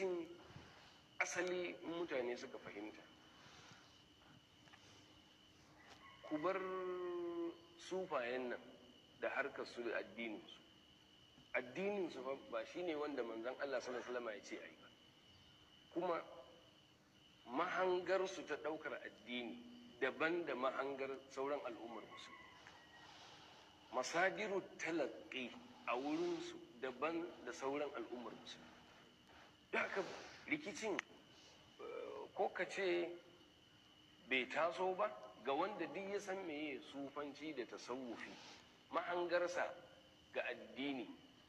cikin asali mutane suka fahimta ku bar sufayen nan da harkar su da addininsu addininsu ba ne wanda manzon Allah sallallahu ya ce yi ba kuma mahangarsu ta ɗaukar addini daban da mahangar sauran al'ummar musu masadiru talaƙi a wurinsu daban da sauran al'ummar musu da aka rikicin eh, ko ka ce bai taso ba ga wanda duk ya san meye sufanci da tasawufi mahangarsa ga addini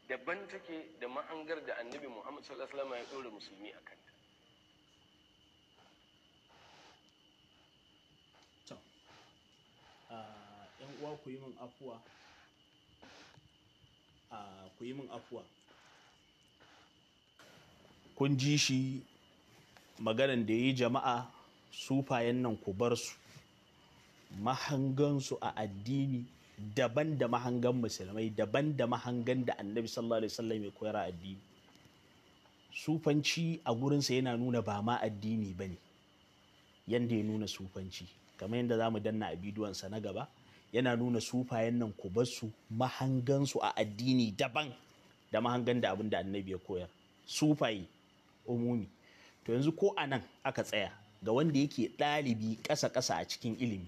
daban take da mahangar da annabi muhammad sallallahu alaihi wasallam ya ɗora musulmi a kanta ah, yan uwa ku yi min afuwa ah, ku yi min afuwa kun ji shi maganan da ya yi jama'a sufayen nan ku bar su mahangansu a addini daban da mahangan musulmai daban da mahangan da annabi sallallahu alaihi wasallam ya koyar a addini sufanci a gurinsa yana nuna ba ma addini ba ne yadda ya nuna sufanci kamar yadda za mu danna a bidiyonsa na gaba yana nuna sufayen nan ku bar su mahangansu a addini daban da mahangan da abin da annabi ya koyar sufaye umumi to yanzu ko a nan aka tsaya ga wanda yake ɗalibi ƙasa-ƙasa a cikin ilimi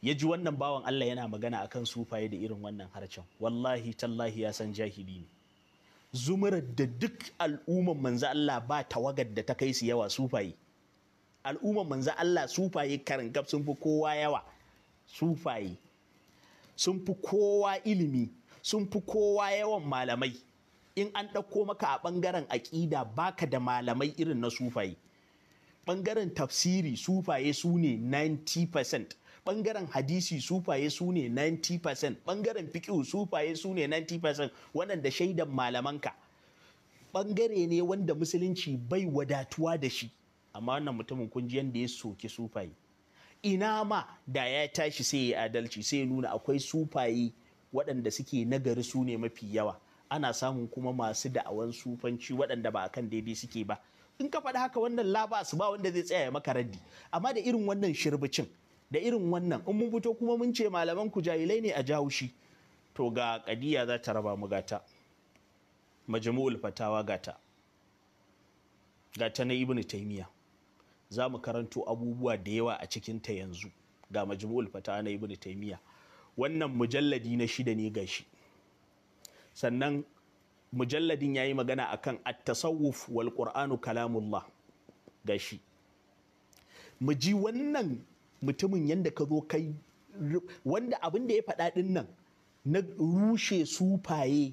ya ji wannan bawan Allah yana magana akan sufaye da irin wannan harcen wallahi tallahi ya san jahili ne zumurar da duk al'umman manzo Allah ba tawagar da ta kai su yawa sufaye al'umman manzo Allah sufaye karin gab sun fi kowa yawa sufaye sun fi kowa ilimi sun fi kowa yawan malamai in an ɗauko maka a ɓangaren aƙida baka da malamai irin na sufaye ɓangaren tafsiri sufaye su ne 90% ɓangaren hadisi sufaye su ne 90% ɓangaren fiƙihu sufaye su ne 90% waɗanda shaidan malamanka ɓangare ne wanda musulunci bai wadatuwa da shi amma wannan mutumin kun ji yadda ya soki sufaye ina ma da ya tashi sai ya adalci sai nuna akwai sufaye waɗanda suke nagari su ne mafi yawa ana samun kuma masu da'awan sufanci waɗanda ba a kan daidai suke ba in ka faɗi haka wannan labasu ba wanda zai tsaya ya maka raddi amma da irin wannan shirbicin da irin wannan in mun fito kuma mun ce malaman ku jahilai ne a jahushi to ga kadiya za ta raba mu gata majmu'ul fatawa gata gata na ibnu taymiya za mu karanto abubuwa da yawa a cikin ta yanzu ga majmu'ul fatawa na ibnu taymiya wannan mujalladi na shida ne gashi sannan mujalladin ya yi magana akan at-tasawuf wal qur'anu kalamullah gashi mu ji wannan mutumin yadda ka zo kai wanda abin da ya faɗa ɗin nan na rushe sufaye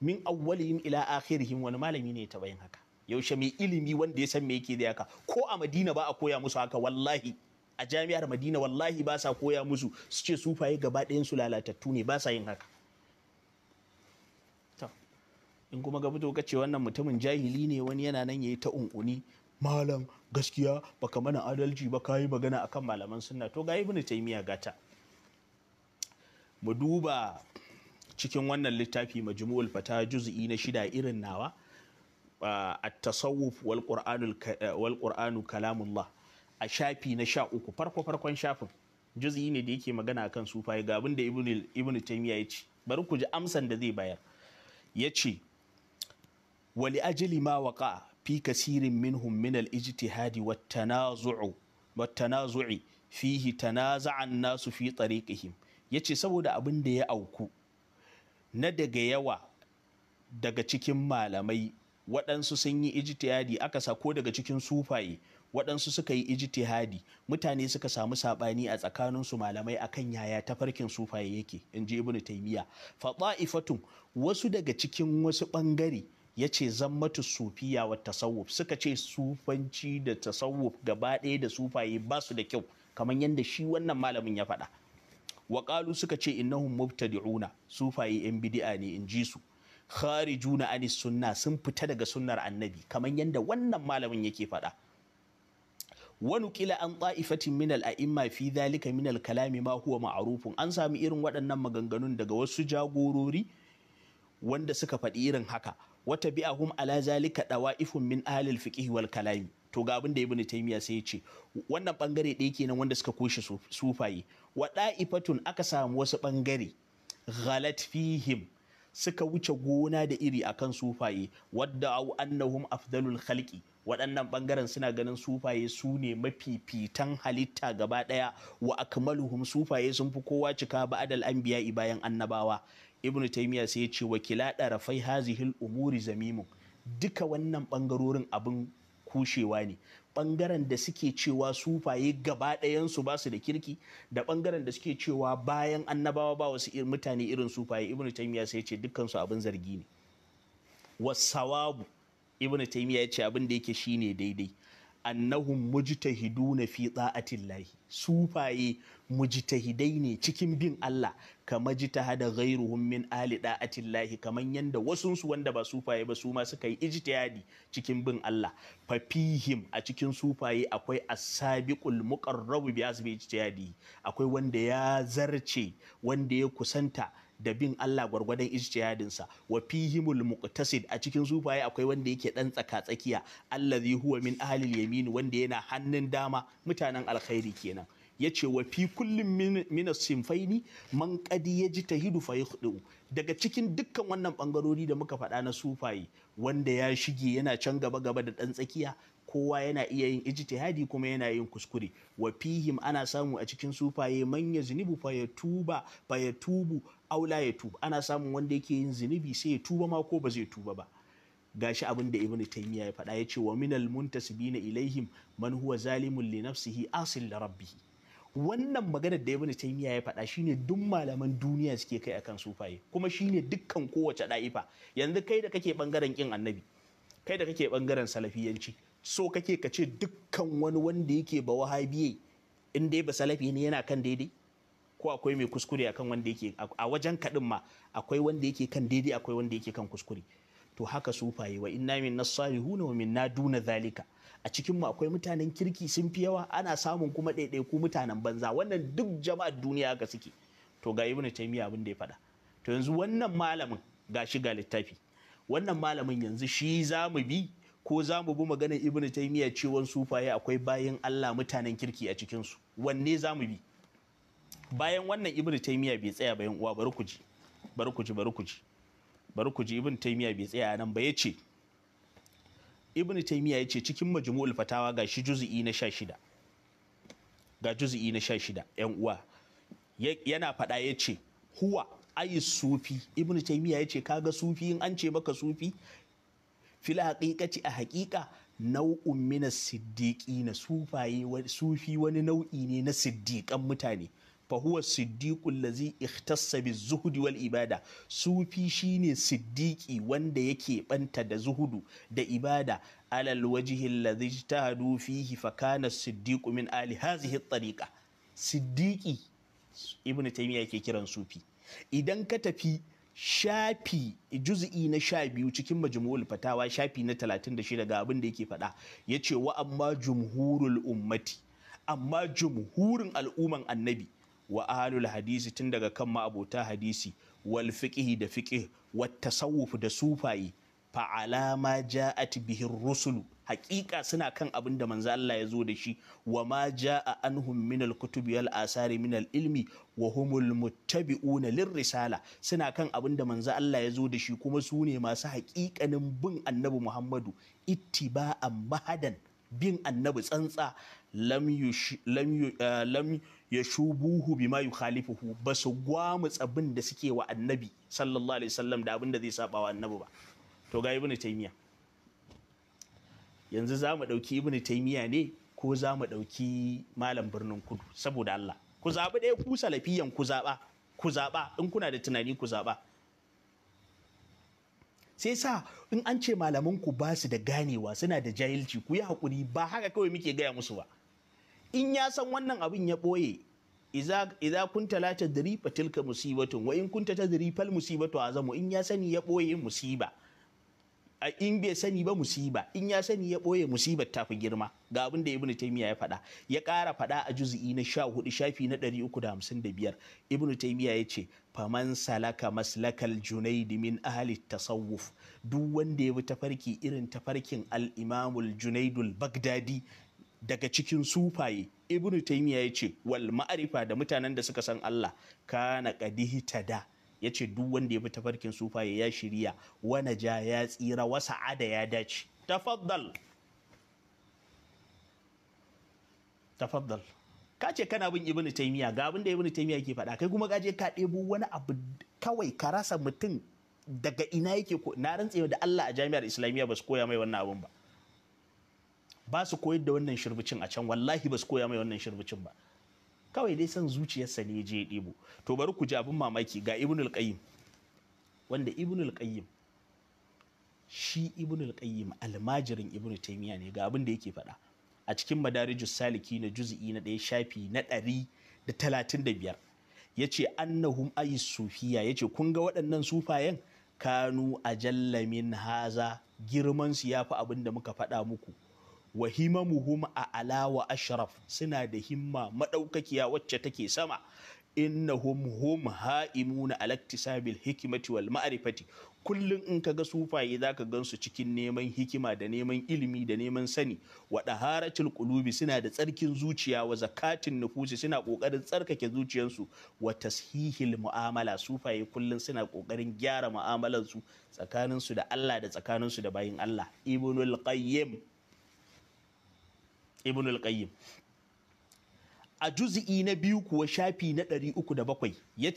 min awwalihim ila akhirihim wani malami ne ta bayin haka yaushe mai ilimi wanda ya san me yake da haka ko a madina ba a koya musu haka wallahi a jami'ar madina wallahi ba sa koya musu su ce sufaye gaba ɗayan su lalatattu ne ba sa yin haka in kuma ga fito kace wannan mutumin jahili ne wani yana nan yayi ta unkuni malam gaskiya baka mana adalci ba kayi magana akan malaman sunna to ga ibnu taymiya gata mu duba cikin wannan littafi majmu'ul fata juz'i na shida irin nawa at-tasawuf wal qur'anul wal qur'anu kalamullah a shafi na sha uku farko farkon shafin juz'i ne da yake magana akan sufai ga abin da ibnu ibnu taymiya ya ce bari ku ji amsan da zai bayar ya ce wali ajali ma waƙa fi kasirin minhum min al-ijtihadi wat-tanazu'i fihi tanaza'an nasu fi tariqihim yace saboda abin da ya auku na daga yawa daga cikin malamai waɗansu sun yi ijtihadi aka ko daga cikin sufaye waɗansu suka yi ijtihadi mutane suka samu saɓani a tsakaninsu malamai akan yaya tafarkin sufaye yake in ji ibnu taymiya fa ta'ifatun wasu daga cikin wasu ɓangare ya ce zammatu sufiya wa tasawuf suka ce sufanci da tasawuf gaba ɗaya da sufaye ba su da kyau kamar yadda shi wannan malamin ya faɗa waƙalu suka ce in innahum mubtadi'una sufaye yan bidi'a ne in ji su kharijuna anis sunna sun fita daga sunnar annabi kamar yadda wannan malamin yake faɗa wani kila an ta'ifatin minal a'imma fi zalika minal kalami ma huwa ma'arufin an sami irin waɗannan maganganun daga wasu jagorori wanda suka faɗi irin haka wata hum ala zalika dawa'ifun min ahlil fiqh wal kalami to ga abin da ibn taymiya sai ya ce wannan bangare ɗaya kenan wanda suka kushe sufaye wa da'ifatun aka samu wasu bangare ghalat fihim suka wuce gona da iri akan sufaye wadda au annahum afdalul khalqi waɗannan bangaren suna ganin sufaye su ne mafifitan halitta gaba ɗaya wa akmaluhum sufaye sun fi kowa cika ba'adal anbiya'i bayan annabawa ibnu taimiya sai ya ce wakila ɗarafai hazihil umuri zamimun duka wannan ɓangarorin abin kushewa ne ɓangaren da suke cewa sufaye gaba ɗayansu ba su da kirki da ɓangaren da suke cewa bayan annabawa ba wasu mutane irin sufaye ibnu taimiya sai ya ce dukkansu abin zargi ne wasawabu ibnu taimiya ya ce abin da yake shine daidai annahum mujtahiduna fi ta'atillahi sufaye mujtahidai ne cikin bin Allah kama jitahada ghairuhum min ali da'atillahi kaman yanda wasun su wanda ba sufaye ba su ma suka yi ijtihadi cikin bin Allah Fafihim a cikin sufaye akwai as-sabiqul muqarrab bi asbi ijtihadi akwai wanda ya zarce wanda ya kusanta da bin Allah gwargwadon ijtihadinsa wa fihimul muqtasid a cikin sufaye akwai wanda yake dan tsaka tsakiya allazi huwa min ahli yamin wanda yana hannun dama mutanen alkhairi kenan yace ce wa fi kullum min simfaini man qadi ya ji ta hidu daga cikin dukkan wannan bangarori da muka faɗa na sufaye wanda ya shige yana can gaba gaba da ɗan tsakiya kowa yana iya yin ijtihadi kuma yana yin kuskure wa fihim ana samu a cikin sufaye man ya fa yatuba fa yatubu aula ya tuba ana samun wanda yake yin zunubi sai ya tuba ma ko ba zai tuba ba gashi abin da ibnu taymiya ya faɗa ya ce wa minal muntasibina ilaihim man huwa zalimun li nafsihi asil li rabbihi wannan maganar da ibnu taymiya ya faɗa shine duk malaman duniya suke kai akan sufaye kuma shine dukkan kowace da'ifa yanzu kai da kake bangaren kin annabi kai da kake bangaren salafiyanci so kake kace dukkan wani wanda yake ba wahabiye in dai ba salafi ne yana kan daidai ko akwai mai kuskure akan wanda yake a wajen kaɗin ma akwai wanda yake kan daidai akwai wanda yake kan kuskure to haka sufaye wa inna min nasalihuna wa minna duna zalika a cikin mu akwai mutanen kirki sun fi yawa ana samun kuma ɗaiɗaiku mutanen banza wannan duk jama'ar duniya ga suke to ga ibnu taymiya abin da ya faɗa to yanzu wannan malamin ga shi ga littafi wannan malamin yanzu shi za mu bi ko za mu bi maganar ibnu taymiya cewa sufaye akwai bayin Allah mutanen kirki a cikin su wanne za mu bi bayan wannan Ibn taymiya bai tsaya bayan uwa bari ku ji bari ku ji bari ku ji bari kuji ibn ibnu bai tsaya nan ba yace ibn taymiya yace cikin majmu'ul fatawa ga shi juz'i na 16 ga juz'i na 16 yan uwa yana faɗa yace huwa ayi sufi ibn taymiya yace kaga sufi in an ce maka sufi fil haqiqati a haqiqa nau'un mina siddiƙi na sufaye sufi wani nau'i ne na siddiƙan mutane Wahuwa siddiƙun siddiqul ladzi ikhtassa zuhudi wal ibada sufi shine siddiƙi wanda yake banta da zuhudu da ibada alal wajhi alladhi ijtahadu fihi fa kana siddiqu min ali hadhihi tariqa siddiqi ibnu taymiya ke kiran sufi idan ka tafi shafi juz'i na sha biyu cikin majmu'ul fatawa shafi na talatin da shida, ga abin da yake faɗa ya ce wa amma jumhurul ummati amma jumhurin al'umman annabi wa ahlul hadisi tun daga kan ma'abota hadisi wal da fiqh wa tasawuf da sufai fa alama ja'at bihi rusulu haƙiƙa suna kan abinda da manzo Allah ya zo da shi wa ma ja'a anhum min al-kutubi wal asari min al-ilmi wa humul muttabi'una lir-risala suna kan abin da manzo Allah ya zo da shi kuma su ne masu haƙiƙanin bin Annabi Muhammadu ittiba'an mahadan bin Annabi tsantsa lam eh, ya shubuhu ma yukhalifuhu ba su gwamutsa bin da suke wa annabi sallallahu alaihi wasallam da abinda zai saba wa annabi ba to ga ibnu taymiya yanzu za mu dauki ibnu taymiya ne ko za mu dauki malam birnin kudu saboda Allah ku zaɓi ɗaya ku salafiyan ku zaɓa ku zaɓa in kuna da tunani ku zaba sai sa in an ce malaman ku ba su da ganewa suna da jahilci ku yi hakuri ba haka kawai muke gaya musu ba in ya san wannan abin ya ɓoye kun ta la tadri fa tilka musibatun wa in kunta tadri fal musibatu azamu in ya sani ya ɓoye musiba A in bai sani ba musiba in ya sani ya ɓoye musibar ta fi girma ga abin da ibnu taymiya ya faɗa ya ƙara faɗa a juz'i na 14 shafi na da biyar. ibnu taymiya ya ce faman salaka maslakal junaidi min ahli tasawuf duk wanda ya bi tafarki irin tafarkin al-imamul junaidul bagdadi daga cikin sufaye ibnu taimiyya ya ce wal ma'arifa da mutanen da suka san Allah kana qadihi da, ya ce duk wanda ya bi tafarkin sufaye ya shirya wana ja ya tsira wasa ada ya dace tafaddal tafaddal ka ce kana bin ibnu taimiyya ga abin da ibnu taimiyya ke faɗa kai kuma gaje ka ɗebo wani abu kawai ka rasa mutum daga ina yake ko na rantsewa da Allah a jami'ar islamiyya ba su koya mai wannan abun ba ba su koyar da wannan shirbicin a can wallahi ba su koya mai wannan shirbicin ba kawai dai san zuciyarsa ne je ya ɗebo to bari ku ji abin mamaki ga al qayyim wanda al qayyim shi al qayyim almajirin Ibn taymiya ne ga abin da yake faɗa a cikin madarijus saliki na juz'i na ɗaya shafi na ɗari da talatin da biyar ya ce annahum ayi sufiya ya ce kun ga waɗannan sufayen kanu a jallamin haza girmansu ya fi abin da muka faɗa muku wa himamuhum a ala wa ashraf suna da himma madaukakiya wacce take sama innahum hum ha'imuna ala iktisabil hikmati wal ma'rifati kullum in ka ga sufaye zaka gansu cikin neman hikima da neman ilimi da neman sani wa daharatul qulubi suna da tsarkin zuciya wa zakatin nufusi suna kokarin tsarkake zuciyarsu wa tashihil mu'amala sufaye kullum suna kokarin gyara mu'amalarsu tsakaninsu da Allah da tsakaninsu da bayin Allah ibnul qayyim ibn al-qayyim a juzi'i na biyu kuwa shafi na ɗari uku da bakwai ya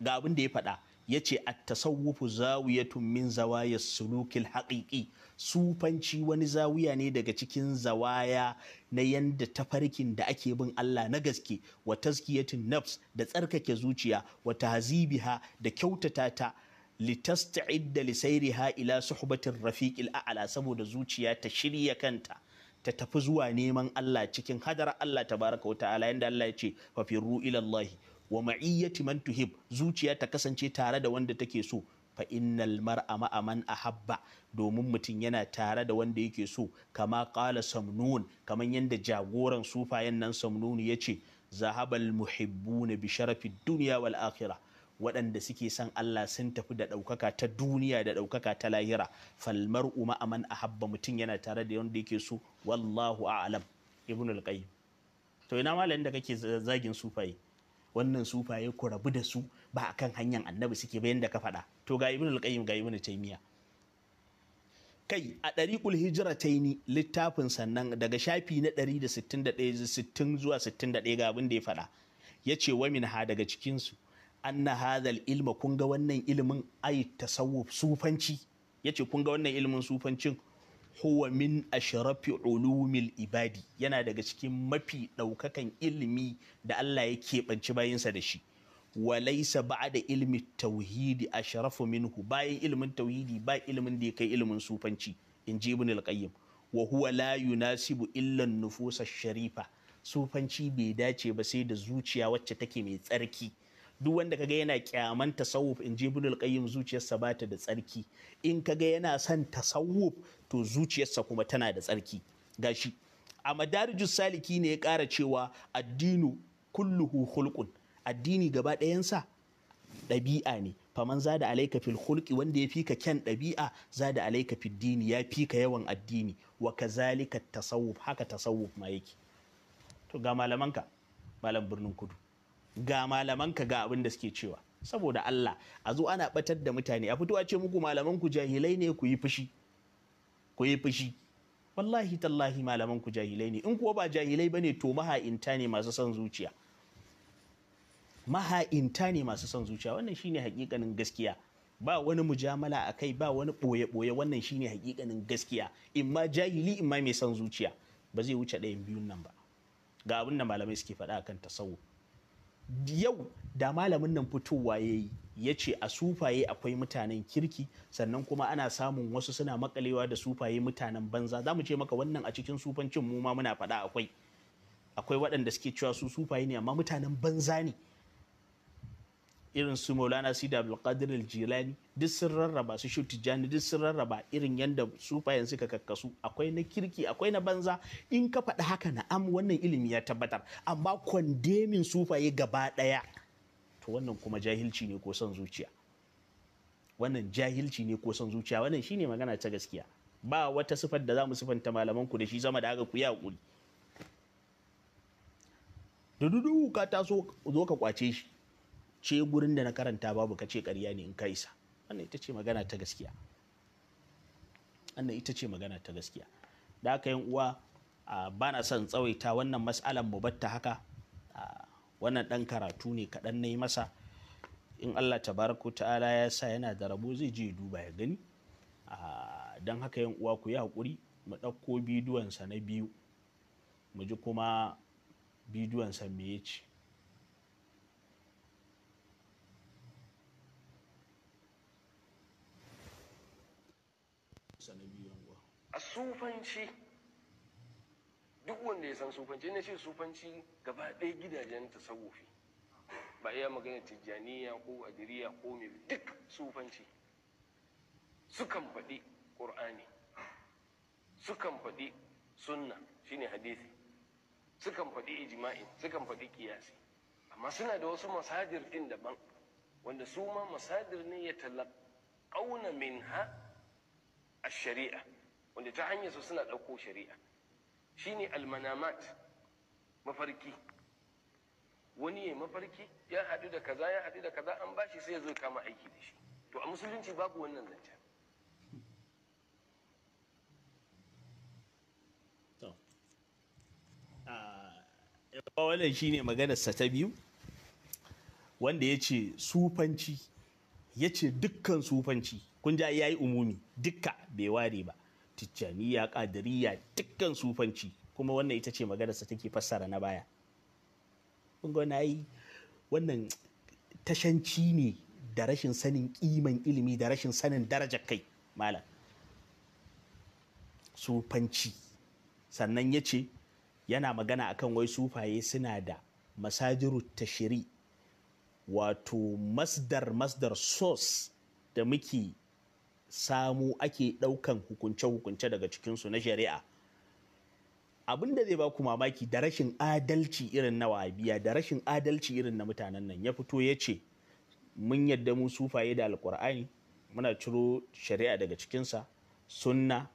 ga abin da ya faɗa yace ce a zawiyatun min zawaya sulukil haƙiƙi sufanci wani zawiya ne daga cikin zawaya na yanda tafarkin da ake bin Allah na gaske wa tazkiyatun nafs da tsarkake zuciya wa tahzibiha da kyautata ta litasta'idda lisairiha ila suhbatin rafiqil a'la saboda zuciya ta shirya kanta ta tafi zuwa neman Allah cikin hadar Allah tabaraka wa ta'ala yanda Allah ya ce fa ilallahi ila Allah wa ma'iyyati man tuhib zuciya ta kasance tare da wanda take so fa innal mar'a ma'a man ahabba domin mutum yana tare da wanda yake so kama qala samnun kamar yadda jagoran sufayen nan samnun yace zahabal muhibbuna bi sharafi dunya wal akhirah waɗanda suke son Allah sun tafi da ɗaukaka ta duniya da ɗaukaka ta lahira falmar uma aman a habba mutum yana tare da wanda yake so wallahu a'lam ibn al to ina malamin da kake zagin sufaye wannan sufaye ku rabu da su ba kan hanyar annabi suke bayan da ka faɗa to ga ibn al-qayyim ga ibn taymiya kai a ɗariƙul hijira ta ni littafin sannan daga shafi na ɗari da da sittin sittin zuwa sittin ɗaya ga abin da ya faɗa ya ce wa min ha daga cikinsu anna hadal ilma kun ga wannan ilimin ai tasawuf sufanci yace kun ga wannan ilimin sufancin huwa min ashrafi ulumil ibadi yana daga cikin mafi ɗaukakan ilimi da Allah ya keɓanci bayansa da shi walaisa da ilmi tauhidi ashrafu minhu bayan ilmin tauhidi ba ilmin da ya kai ilimin sufanci in ji ibn al-qayyim wa huwa la yunasibu illa nufusa sharifa sufanci bai dace ba sai da zuciya wacce take mai tsarki duk wanda kaga yana kyaman tasawuf in ji ibnul qayyim zuciyarsa ba ta da tsarki in kaga yana son tasawuf to zuciyarsa kuma tana da tsarki gashi a madarijus saliki ne ya kara cewa addinu kulluhu khulqun addini gaba ɗayansa ɗabi'a ne faman zada alayka fil hulki wanda ya fika kyan ɗabi'a zada alayka fil dini ya fika yawan addini wa kazalika tasawuf haka tasawuf ma yake to ga malamanka malam birnin kudu ga malamanka ga abin da suke cewa saboda Allah a zo ana batar da mutane a fito a ce muku malaman ku jahilai ne ku yi fushi ku yi fushi wallahi tallahi malamanku jahilai ne in kuwa ba jahilai bane to maha'inta ne masu son zuciya maha'inta ne masu son zuciya wannan shine hakikanin gaskiya ba wani mujamala a kai ba wani ɓoye-ɓoye wannan shine hakikanin gaskiya In ma jahili in ma mai son zuciya ba zai wuce ɗayan biyun nan ba ga abin da malamai suke faɗa akan tasawuf yau da malamin nan fitowa ya yi ya ce a sufaye akwai mutanen kirki sannan kuma ana samun wasu suna makalewa da sufaye mutanen banza za mu ce maka wannan a cikin sufancin mu ma muna faɗa akwai akwai waɗanda suke cewa su sufaye ne amma mutanen banza ne irin su maulana sida abdulkadir jilani duk sun rarraba su shu tijjani duk sun rarraba irin yadda sufayen suka kakkasu akwai na kirki akwai na banza in ka faɗi haka na am wannan ilimi ya tabbatar amma kwandemin sufaye gaba ɗaya to wannan kuma jahilci ne ko son zuciya wannan jahilci ne ko son zuciya wannan shine magana ta gaskiya ba wata sifar da za mu sifanta malaman ku da shi sama da haka ku yi hakuri da dudu ka taso zo ka kwace shi ce gurin da na karanta babu ka ce ƙarya ne in ka isa wannan ita ce magana ta gaskiya wannan ita ce magana ta gaskiya da haka yin uwa ba na son tsawaita wannan mas'alan mu batta haka wannan ɗan karatu ne kaɗan na yi masa in allah tabaraka ta'ala ya sa yana da rabo zai je duba ya gani don haka yin uwa ku yi haƙuri mu ɗauko bidiyonsa na biyu mu ji kuma bidiyonsa me ya ce sufanci duk wanda ya san sufanci ina ce sufanci gaba ɗaya gidajen tasawufi ba iya magana tijjaniya ko adiriya ko mai duk sufanci sukan faɗi ƙur'ani sukan faɗi sunna shine hadisi sukan faɗi ijma'i sukan faɗi kiyasi amma suna da wasu masajir ɗin daban wanda su ma masajir ne ya min ha a shari'a wanda ta hanyar su suna ɗauko shari'a Shi ne almanamat mafarki wani ya mafarki ya haɗu da kaza ya haɗu da kaza an bashi sai ya zo kama aiki da shi to a musulunci babu wannan zancen ah, wannan ne maganarsa ta biyu wanda ya ce sufanci ya ce dukkan sufanci kun ja ya yi umumi dukka bai ware ba tijjaniya ƙadiriya dukkan sufanci kuma wannan ita ce maganarsa take fassara na baya Kungo na yi wannan tashanci ne da rashin sanin kiman ilimi da rashin sanin darajar kai malam sufanci sannan ya ce yana magana akan wai sufaye suna da masajiru tashiri wato masdar masdar sos da muke samu ake ɗaukan hukunce-hukunce daga cikinsu na shari'a abin da zai ba ku mamaki da rashin adalci irin na wabiya da rashin adalci irin na mutanen nan ya fito ya ce mun yadda mu sufaye da alkur'ani muna ciro shari'a daga cikinsa sunna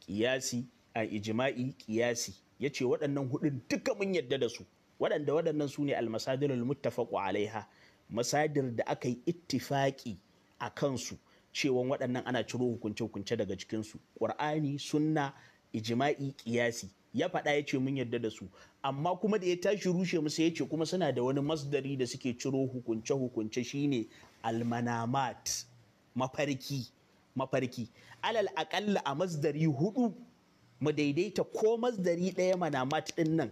kiyasi a ijima'i kiyasi ya ce waɗannan hudun duka mun yadda da su waɗanda waɗannan su ne almasadirul muttafaqu alaiha masadir da aka yi ittifaki a kansu cewa waɗannan ana ciro hukunce-hukunce daga cikinsu ƙur'ani sunna ijima'i ƙiyasi ya faɗa ya ce mun yarda da su amma kuma da ya tashi rushe musu ya ce kuma suna da wani masdari da suke ciro hukunce-hukunce shine almanamat mafarki mafarki alal aƙalla a masdari hudu mu daidaita ko masdari ɗaya manamat ɗin nan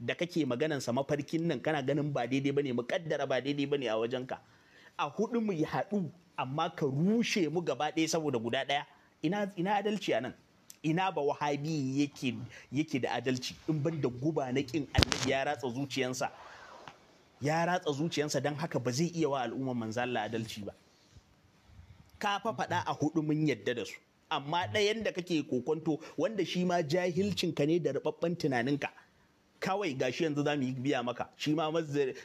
da kake maganansa mafarkin nan kana ganin ba daidai bane mu kaddara ba daidai bane a wajenka a hudu mu yi haɗu amma ka rushe mu gaba ɗaya saboda guda ɗaya ina adalci a nan ina ba wahabi yake da adalci in ban da guba na ƙin annabi ya ratsa zuciyansa ya ratsa zuciyansa don haka ba zai iya wa al'ummar manzalla adalci ba ka fa faɗa a hudu mun yadda da su amma ɗayan da kake kokonto wanda shi ma jahilcinka ne da rubabban tunaninka kawai gashi yanzu za mu yi biya maka shi ma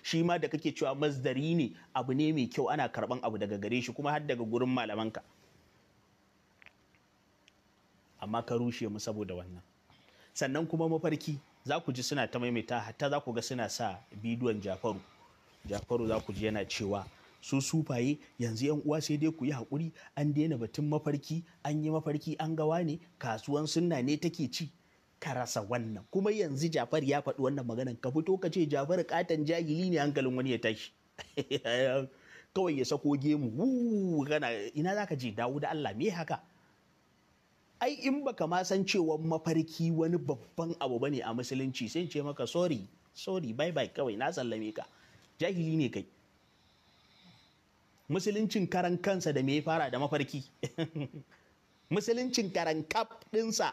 shi ma da kake cewa mazdari ne abu ne mai kyau ana karban abu daga gare shi kuma har daga gurin malamanka amma ka rushe mu saboda wannan sannan kuma mafarki za ku ji suna ta maimaita hatta za ku ga suna sa bidiyon jafaru jafaru za ku ji yana cewa su sufaye yanzu yan uwa sai dai ku yi hakuri an daina batun mafarki an yi mafarki an gawa ne kasuwan sunna ne take ci ka rasa wannan kuma yanzu Jafar ya faɗi wannan maganan ka fito ka ce Jafar katon jahili ne hankalin wani ya tashi kawai ya sako gemu gana ina za ka je dawo da Allah me haka ai in baka ma san cewa mafarki wani babban abu bane a musulunci sai ce maka sorry sorry bye bye kawai na sallame ka jahili ne kai musuluncin karan kansa da me ya fara da mafarki musuluncin karan kaf dinsa.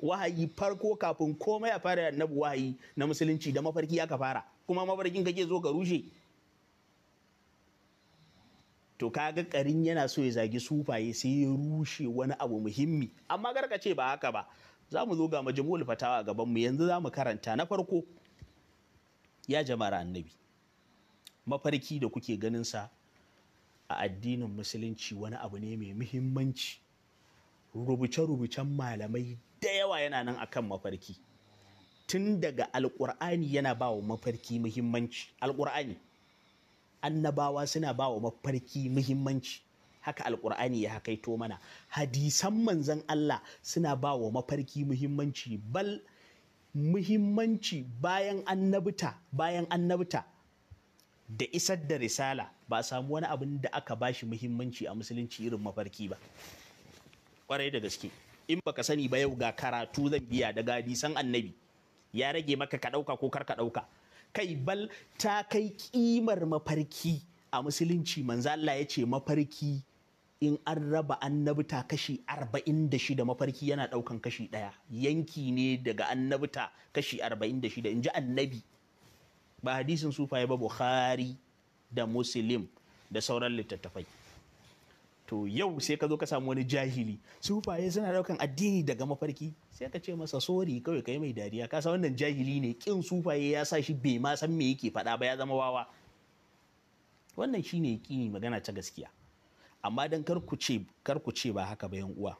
wahayi farko kafin komai a fara annabi wahayi na musulunci da mafarki aka fara kuma mafarkin kake zo ka rushe to kaga karin yana so ya zagi sufaye sai ya rushe wani abu muhimmi amma garka ce ba haka ba za mu zo ga majmu'ul fatawa gaban mu yanzu za mu karanta na farko ya jama'ar annabi mafarki da kuke ganin sa a addinin musulunci wani abu ne mai muhimmanci rubuce-rubucen malamai da yawa yana nan akan mafarki tun daga alkur'ani yana ba wa mafarki muhimmanci alƙur'ani annabawa suna ba wa mafarki muhimmanci haka alkur'ani ya kaito mana hadisan manzan Allah suna ba wa mafarki muhimmanci bal muhimmanci bayan annabta bayan annabta da isar da risala ba a samu wani abin da aka bashi muhimmanci a musulunci irin mafarki ba ƙwarai da gaske in baka sani ba yau ga karatu zan biya daga hadisan annabi ya rage maka ka ɗauka ko kar ka ɗauka kai bal ta kai kimar mafarki a musulunci manzo Allah ya ce mafarki in an raba annabta kashi arba'in da shida mafarki yana ɗaukan kashi ɗaya yanki ne daga annabta kashi arba'in da shida in ji annabi ba hadisin sufaye ba bukhari da muslim da sauran littattafai to yau sai ka zo ka samu wani jahili sufaye suna daukan addini daga mafarki sai ka ce masa sori kawai kai mai dariya ka san wannan jahili ne kin sufaye ya sa shi bai ma san me yake faɗa ba ya zama wawa wannan shine kini magana ta gaskiya amma dan kar ku ce kar ku ce ba haka ba yan uwa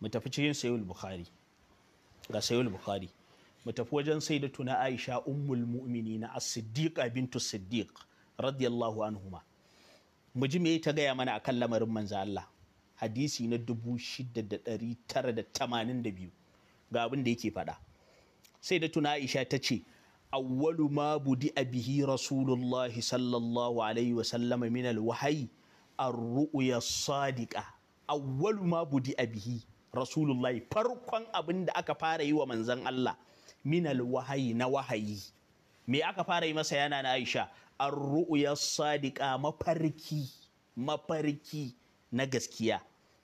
mu tafi cikin sayyid bukhari ga sayyid bukhari mu tafi wajen sayyidatuna aisha ummul mu'minina as-siddiqa bintu siddiq radiyallahu anhuma mu ji me ta gaya mana akan lamarin manzo Allah hadisi na 6982 ga abin da yake faɗa sai da tuna Aisha ta ce awwalu ma budi abihi rasulullah sallallahu alaihi wa sallama min alwahyi ar-ru'ya sadiqa awwalu ma budi abihi rasulullah farkon abin da aka fara yi wa manzon Allah min alwahyi na wahayi me aka fara yi masa yana na aisha an ru'uya sadiqa mafarki mafarki na gaskiya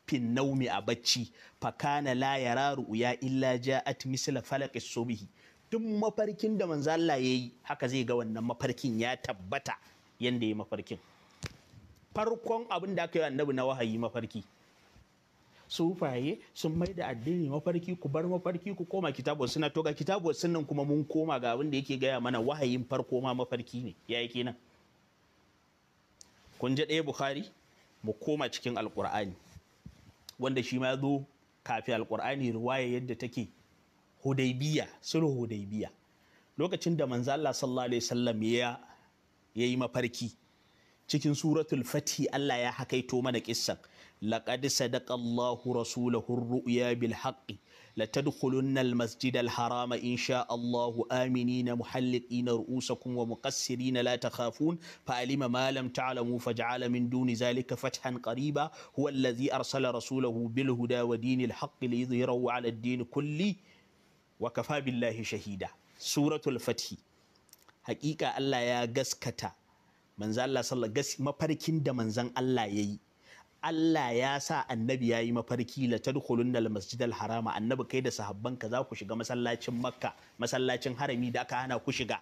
fin naumi a bacci fakana la yara ru'uya illa ja'at misla falaq subhi duk mafarkin da manzo Allah yayi haka zai ga wannan mafarkin ya tabbata yanda yayi mafarkin farkon abin da aka yi annabi na wahayi mafarki sufaye sun mai da addini mafarki ku bar mafarki ku koma kitabu suna toka. kitabu sunan kuma mun koma ga abin da yake gaya mana wahayin farko ma mafarki ne ya yi kenan kun ji ɗaya bukhari mu koma cikin alkur'ani wanda shi ma ya zo kafin alkur'ani ruwaya yadda take hudaybiya sulhu hudaybiya lokacin da manzo Allah sallallahu alaihi wasallam ya yayi mafarki cikin suratul fati Allah ya hakaito mana kissan لقد صدق الله رسوله الرؤيا بالحق لتدخلن المسجد الحرام إن شاء الله آمنين محلقين رؤوسكم ومقصرين لا تخافون فعلم ما لم تعلموا فجعل من دون ذلك فتحا قريبا هو الذي أرسل رسوله بالهدى ودين الحق ليظهره على الدين كله وكفى بالله شهيدا سورة الفتح حقيقة الله يا قسكتا manzan Allah sallallahu mafarkin da manzan Allah ya yi Allah ya sa annabi ya yi mafarki la tadkhulunna al-masjidal harama annabi kai da sahabban ka za ku shiga masallacin makka masallacin harami da aka hana ku shiga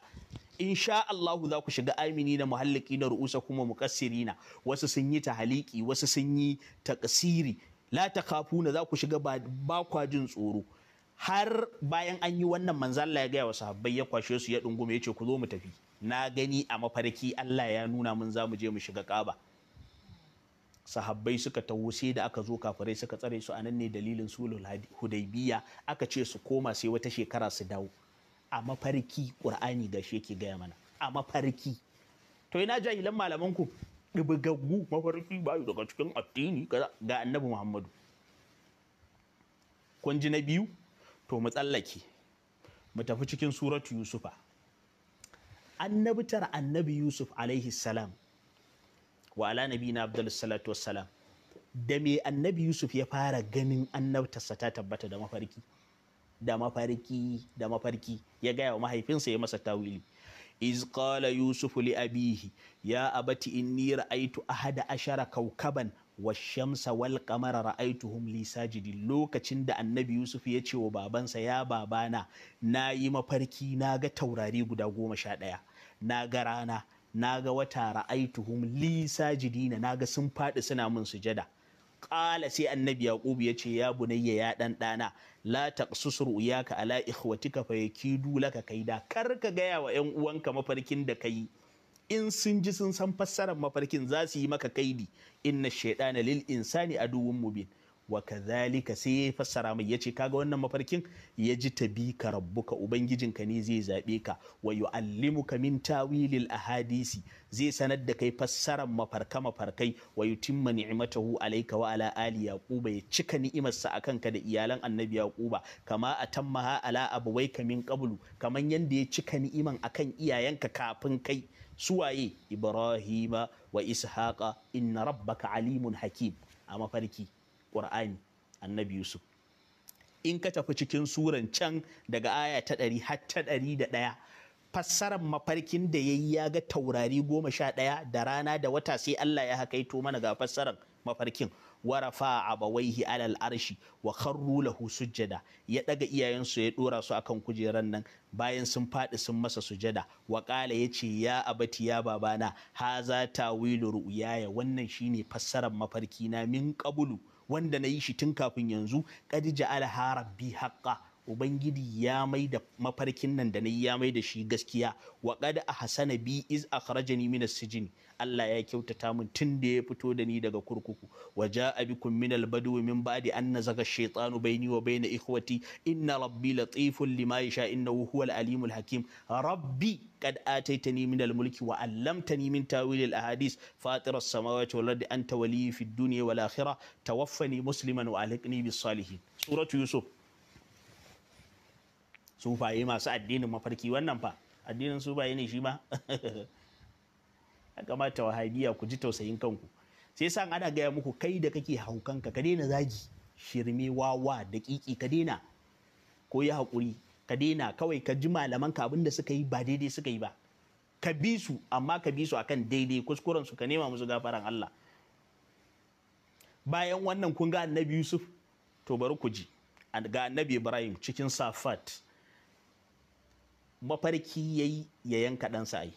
insha Allah za ku shiga amini na muhalliki da ru'usa kuma muqassirina wasu sun yi tahaliki wasu sun yi taqsiri la takafuna za ku shiga ba kwa jin tsoro har bayan an yi wannan manzalla ya gaya wa sahabbai ya kwashe su ya dungume ya ce ku zo mu tafi na gani a mafarki Allah ya nuna mun za mu je mu shiga kaba sahabbai suka taho sai da aka zo kafirai suka tsare su a nan ne dalilin sulhul hudaybiya aka ce su koma sai wata shekara su dawo a mafarki qur'ani gashi yake gaya mana a mafarki to ina jahilan malaman ku dibigaggu mafarki bayu daga cikin addini ga annabi muhammadu kun ji na biyu to mu tsallake mu tafi cikin suratu yusufa annabitar annabi yusuf alaihi salam wa ala nabiyina abdullahi wassalam da me annabi yusuf ya fara ganin annabtarsa ta tabbata da mafarki da mafarki da mafarki ya gaya wa mahaifinsa ya masa tawili iz qala yusuf li abihi ya abati inni ra'aytu ahada ashara kawkaban wash-shamsa wal qamara ra'aytuhum li sajidin lokacin da annabi yusuf ya ce wa babansa ya babana na yi mafarki na ga taurari guda goma sha ɗaya na ga rana na ga wata ra'aituhum li sajidina na ga sun faɗi suna min sujada Ƙala sai annabi yaqub ya ce ya bunayya ya dan dana la taqsus ru'yaka ala ikhwatika fa yakidu laka kaida kar ka gaya wa yan uwanka mafarkin da kai in sun ji sun san fassarar mafarkin za su yi maka kaidi inna shaytana lil insani aduwwun mubin wa kadhalika sai ya fassara mai yace kaga wannan mafarkin ya ji tabika rabbuka ubangijinka ne zai zaɓe ka wa yu'allimuka min tawilil hadisi zai sanar da kai fassarar mafarka mafarkai wa yutimma ni'matahu alayka wa ala ali yaquba ya cika ni'imarsa a kanka da iyalan annabi yaquba kama a atammaha ala ka min qablu kaman yadda ya cika ni'iman akan iyayenka kafin kai suwaye ibrahima wa ishaqa inna rabbaka alimun hakim a mafarki ƙur'ani annabi yusuf in ka tafi cikin suran can daga aya ta ɗari har ta ɗari da ɗaya fassarar mafarkin da ya yi ya ga taurari goma sha ɗaya da rana da wata sai Allah ya to mana ga fassarar mafarkin warafa bawaihi alal arshi wa kharru lahu sujjada ya daga iyayensu ya dora su akan kujerar nan bayan sun faɗi sun masa sujada wa ya ce ya abati ya babana haza tawilu ru'yaya wannan shine fassarar mafarki na min qablu wanda na yi shi tun kafin yanzu qad alhara bi haqqan ubangiji ya mai da mafarkin nan da na yi ya mai da shi gaskiya wa a ahsana bi iz akhrajani min as jini. Allah ya kyautata min tun da ya fito da ni daga kurkuku wa ja'a bikum min al min ba'di an nazaga shaytanu bayni wa baina ikhwati inna rabbi latifun lima yasha innahu huwal alimul hakim rabbi قد آتيتني من الملك وعلمتني من تاويل الأحاديث فاطر السماوات والأرض أنت ولي في الدنيا والآخرة توفني مسلما وألحقني بالصالحين سورة يوسف sufaye masu addinin mafarki wannan fa addinin sufaye ne shi ma ya kamata wahabiya ku ji tausayin kanku sai san ana gaya muku kai da kake haukanka ka daina zagi shirme wawa da kiki ka daina ko ya haƙuri ka daina kawai ka ji malaman ka abinda suka yi ba daidai suka yi ba ka bi su amma ka bi su akan daidai kuskuren su ka nema musu gafaran Allah bayan wannan kun ga annabi Yusuf to bari ku ji ga annabi Ibrahim cikin Safat mafarki ya yi ya yanka ɗansa ai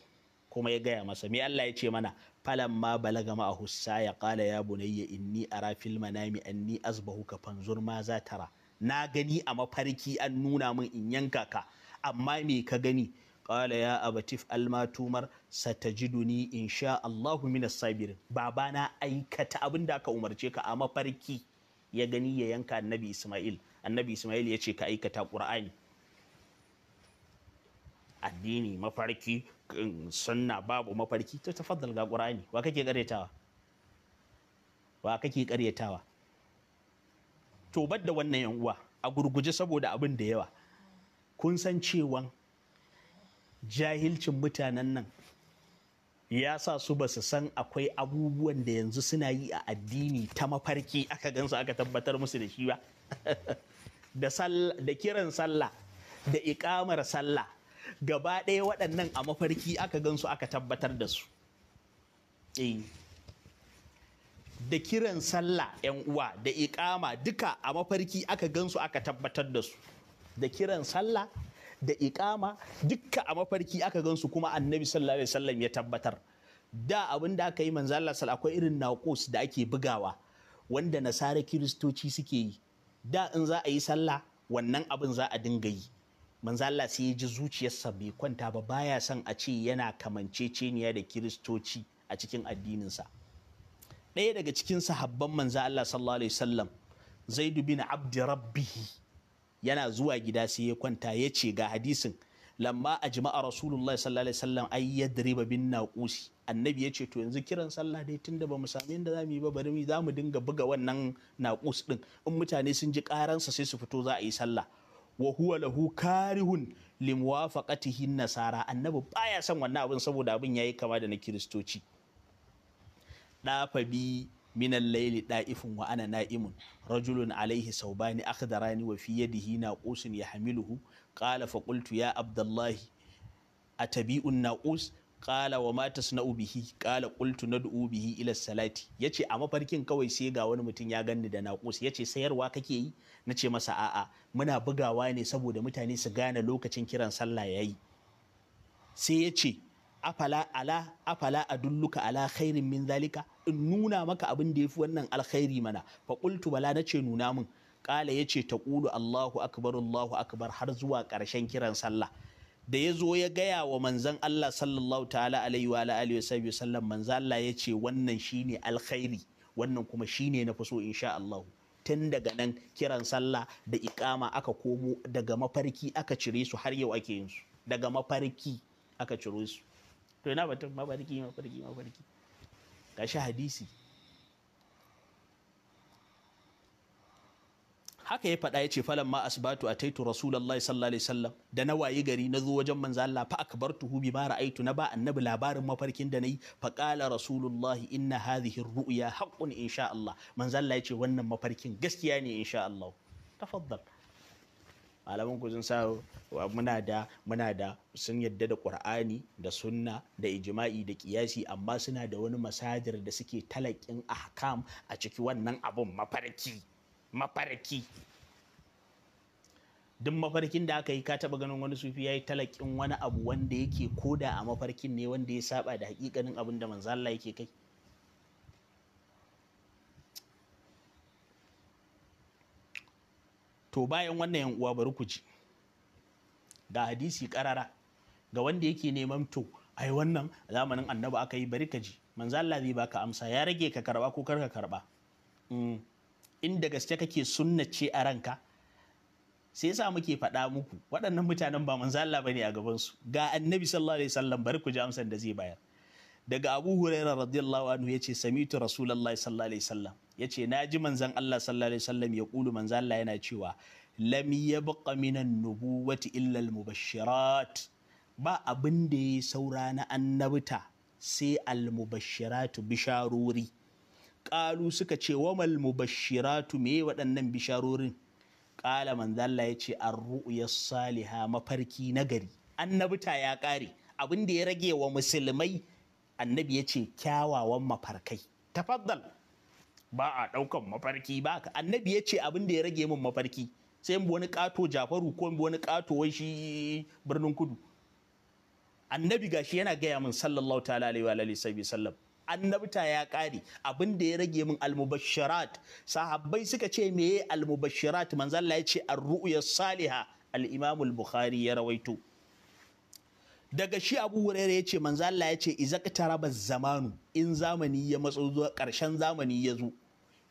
kuma ya gaya masa me Allah ya ce mana Falan ma balaga ma'ahu ya qala ya bunayya inni ara fil manami anni ka fanzur ma za tara na gani a mafarki an nuna min in yanka ka amma me ka gani Ƙala ya abatif almatumar satajiduni insha Allahu mina sabirin babana aikata abin da aka umarce ka a mafarki ya gani ya yanka annabi Ismail annabi Ismail ya ce ka aikata Qur'ani addini mafarki sunna babu mafarki to tafaddal ga qur'ani wa kake karyatawa wa kake karyatawa to da wannan yan uwa a gurguje saboda abin da yawa kun san cewa jahilcin mutanen nan ya sa su ba su san akwai abubuwan da yanzu suna yi a addini ta mafarki aka gansu aka tabbatar musu da shi ba da kiran sallah da ikamar sallah gaba ɗaya waɗannan a mafarki aka gan su aka tabbatar da su eh. da kiran sallah yan uwa da iƙama duka a mafarki aka gan su aka tabbatar da su da kiran sallah da iƙama duka a mafarki aka gan su kuma annabi sallallahu alaihi wasallam ya tabbatar da abin da aka yi manzo Allah akwai irin naqus da ake bugawa wanda nasara kiristoci suke yi da in za a yi sallah wannan abin za a dinga yi manzo Allah sai ya ji zuciyarsa bai kwanta ba baya son a ce yana kamanceceniya da kiristoci a cikin addininsa ɗaya daga cikin sahabban manzo Allah sallallahu alaihi wasallam Zaid bin Abd Rabbihi yana zuwa gida sai ya kwanta ya ce ga hadisin lamma ajma'a rasulullahi sallallahu alaihi wasallam ay yadriba bin naqusi annabi ya ce to yanzu kiran sallah dai tunda ba mu sami inda zamu yi ba bari mu za dinga buga wannan naƙus din in mutane sun ji karansa sai su fito za a yi sallah wa huwa lahu karihun limuwafaqatihi nasara annabi baya son wannan abin saboda abin yayi kama da na kiristoci dafa bi min al-layli da'ifun wa ana na'imun rajulun alayhi saubani akhdarani wa fi yadihi naqusun yahmiluhu qala fa qultu ya abdullahi atabi'un naqus Ƙala wa matas na ubihi. kala kultu na bihi ila salati Ya ce a mafarkin kawai sai ga wani mutum ya ganni da naƙus ce sayarwa kake yi Na ce masa a'a muna bugawa ne saboda mutane su gane lokacin kiran sallah ya yi. sai ya ce afala ala afala dulluka ala khairin min zalika in nuna maka abin da yafi wannan alkhairi mana fa qultu bala nace nuna min qala yace taqulu Allahu akbar Allahu akbar har zuwa ƙarshen kiran sallah da ya zo ya gaya wa manzan Allah sallallahu ta'ala alaihi wa alihi wa sallam manzan Allah ya ce wannan shine alkhairi wannan kuma shine na so insha Allah tun daga nan kiran sallah da ikama aka komo daga mafarki aka cire su har yau ake yin su daga mafarki aka cire su to ina batun mafarki mafarki mafarki gashi hadisi haka ya faɗa ya ce falan ma asbatu ataitu rasulullahi sallallahu alaihi wasallam da na wayi gari na zo wajen manzo Allah fa akbartuhu bima ra'aitu na ba annabi labarin mafarkin da nayi fa qala rasulullahi inna hadhihi ru'ya haqqun insha Allah manzo Allah ya ce wannan mafarkin gaskiya ne insha Allah tafaddal malaman ku sun sa muna da muna da sun yadda da qur'ani da sunna da ijma'i da kiyasi amma suna da wani masajir da suke talakin ahkam a ciki wannan abun mafarki mafarki duk mafarkin da aka yi ka taba ganin wani sufi ya yi talakin wani abu wanda yake koda a mafarkin ne wanda ya saba da hakikanin abin da manzo yake kai to bayan wannan yan uwa bari ku ji Da hadisi karara ga wanda yake neman to ai wannan zamanin annabi aka yi bari ka ji manzo Allah zai baka amsa ya rage ka karba ko kar ka karba mm. inda gaske kake sunna ce a ranka sai yasa muke faɗa muku waɗannan mutanen ba manzo Allah bane a gaban su ga annabi sallallahu alaihi wasallam bari ku ji amsan da zai bayar daga Abu Huraira radiyallahu anhu yace samitu rasulullahi sallallahu alaihi wasallam yace naji manzon Allah sallallahu alaihi wasallam ya kulu manzo Allah yana cewa lam yabqa minan nubuwati illa al mubashirat ba abin da ya saura na annabta sai al bisharori Kalu suka ce wamal mubashiratu me waɗannan bisharorin ƙala manzalla ya ce an ru'uyar saliha mafarki nagari ta ya ƙare abin da ya rage wa musulmai annabi ya ce kyawawan mafarkai tafaddal ba a ɗaukan mafarki ba annabi ya ce abin da ya rage min mafarki sai mu wani ƙato jafaru ko mu wani ƙato wai shi birnin kudu annabi gashi yana gaya min sallallahu ta'ala alaihi wa alihi sallam annabta ya ƙare abin da ya rage min almubashirat sahabbai suka ce meye almubashirat manzalla ya ce ar-ru'ya saliha al-imam bukhari ya rawaito daga shi abu wurere ya ce manzalla ya ce izaqtaraba zamanu in zamani ya matso zuwa karshen zamani ya zo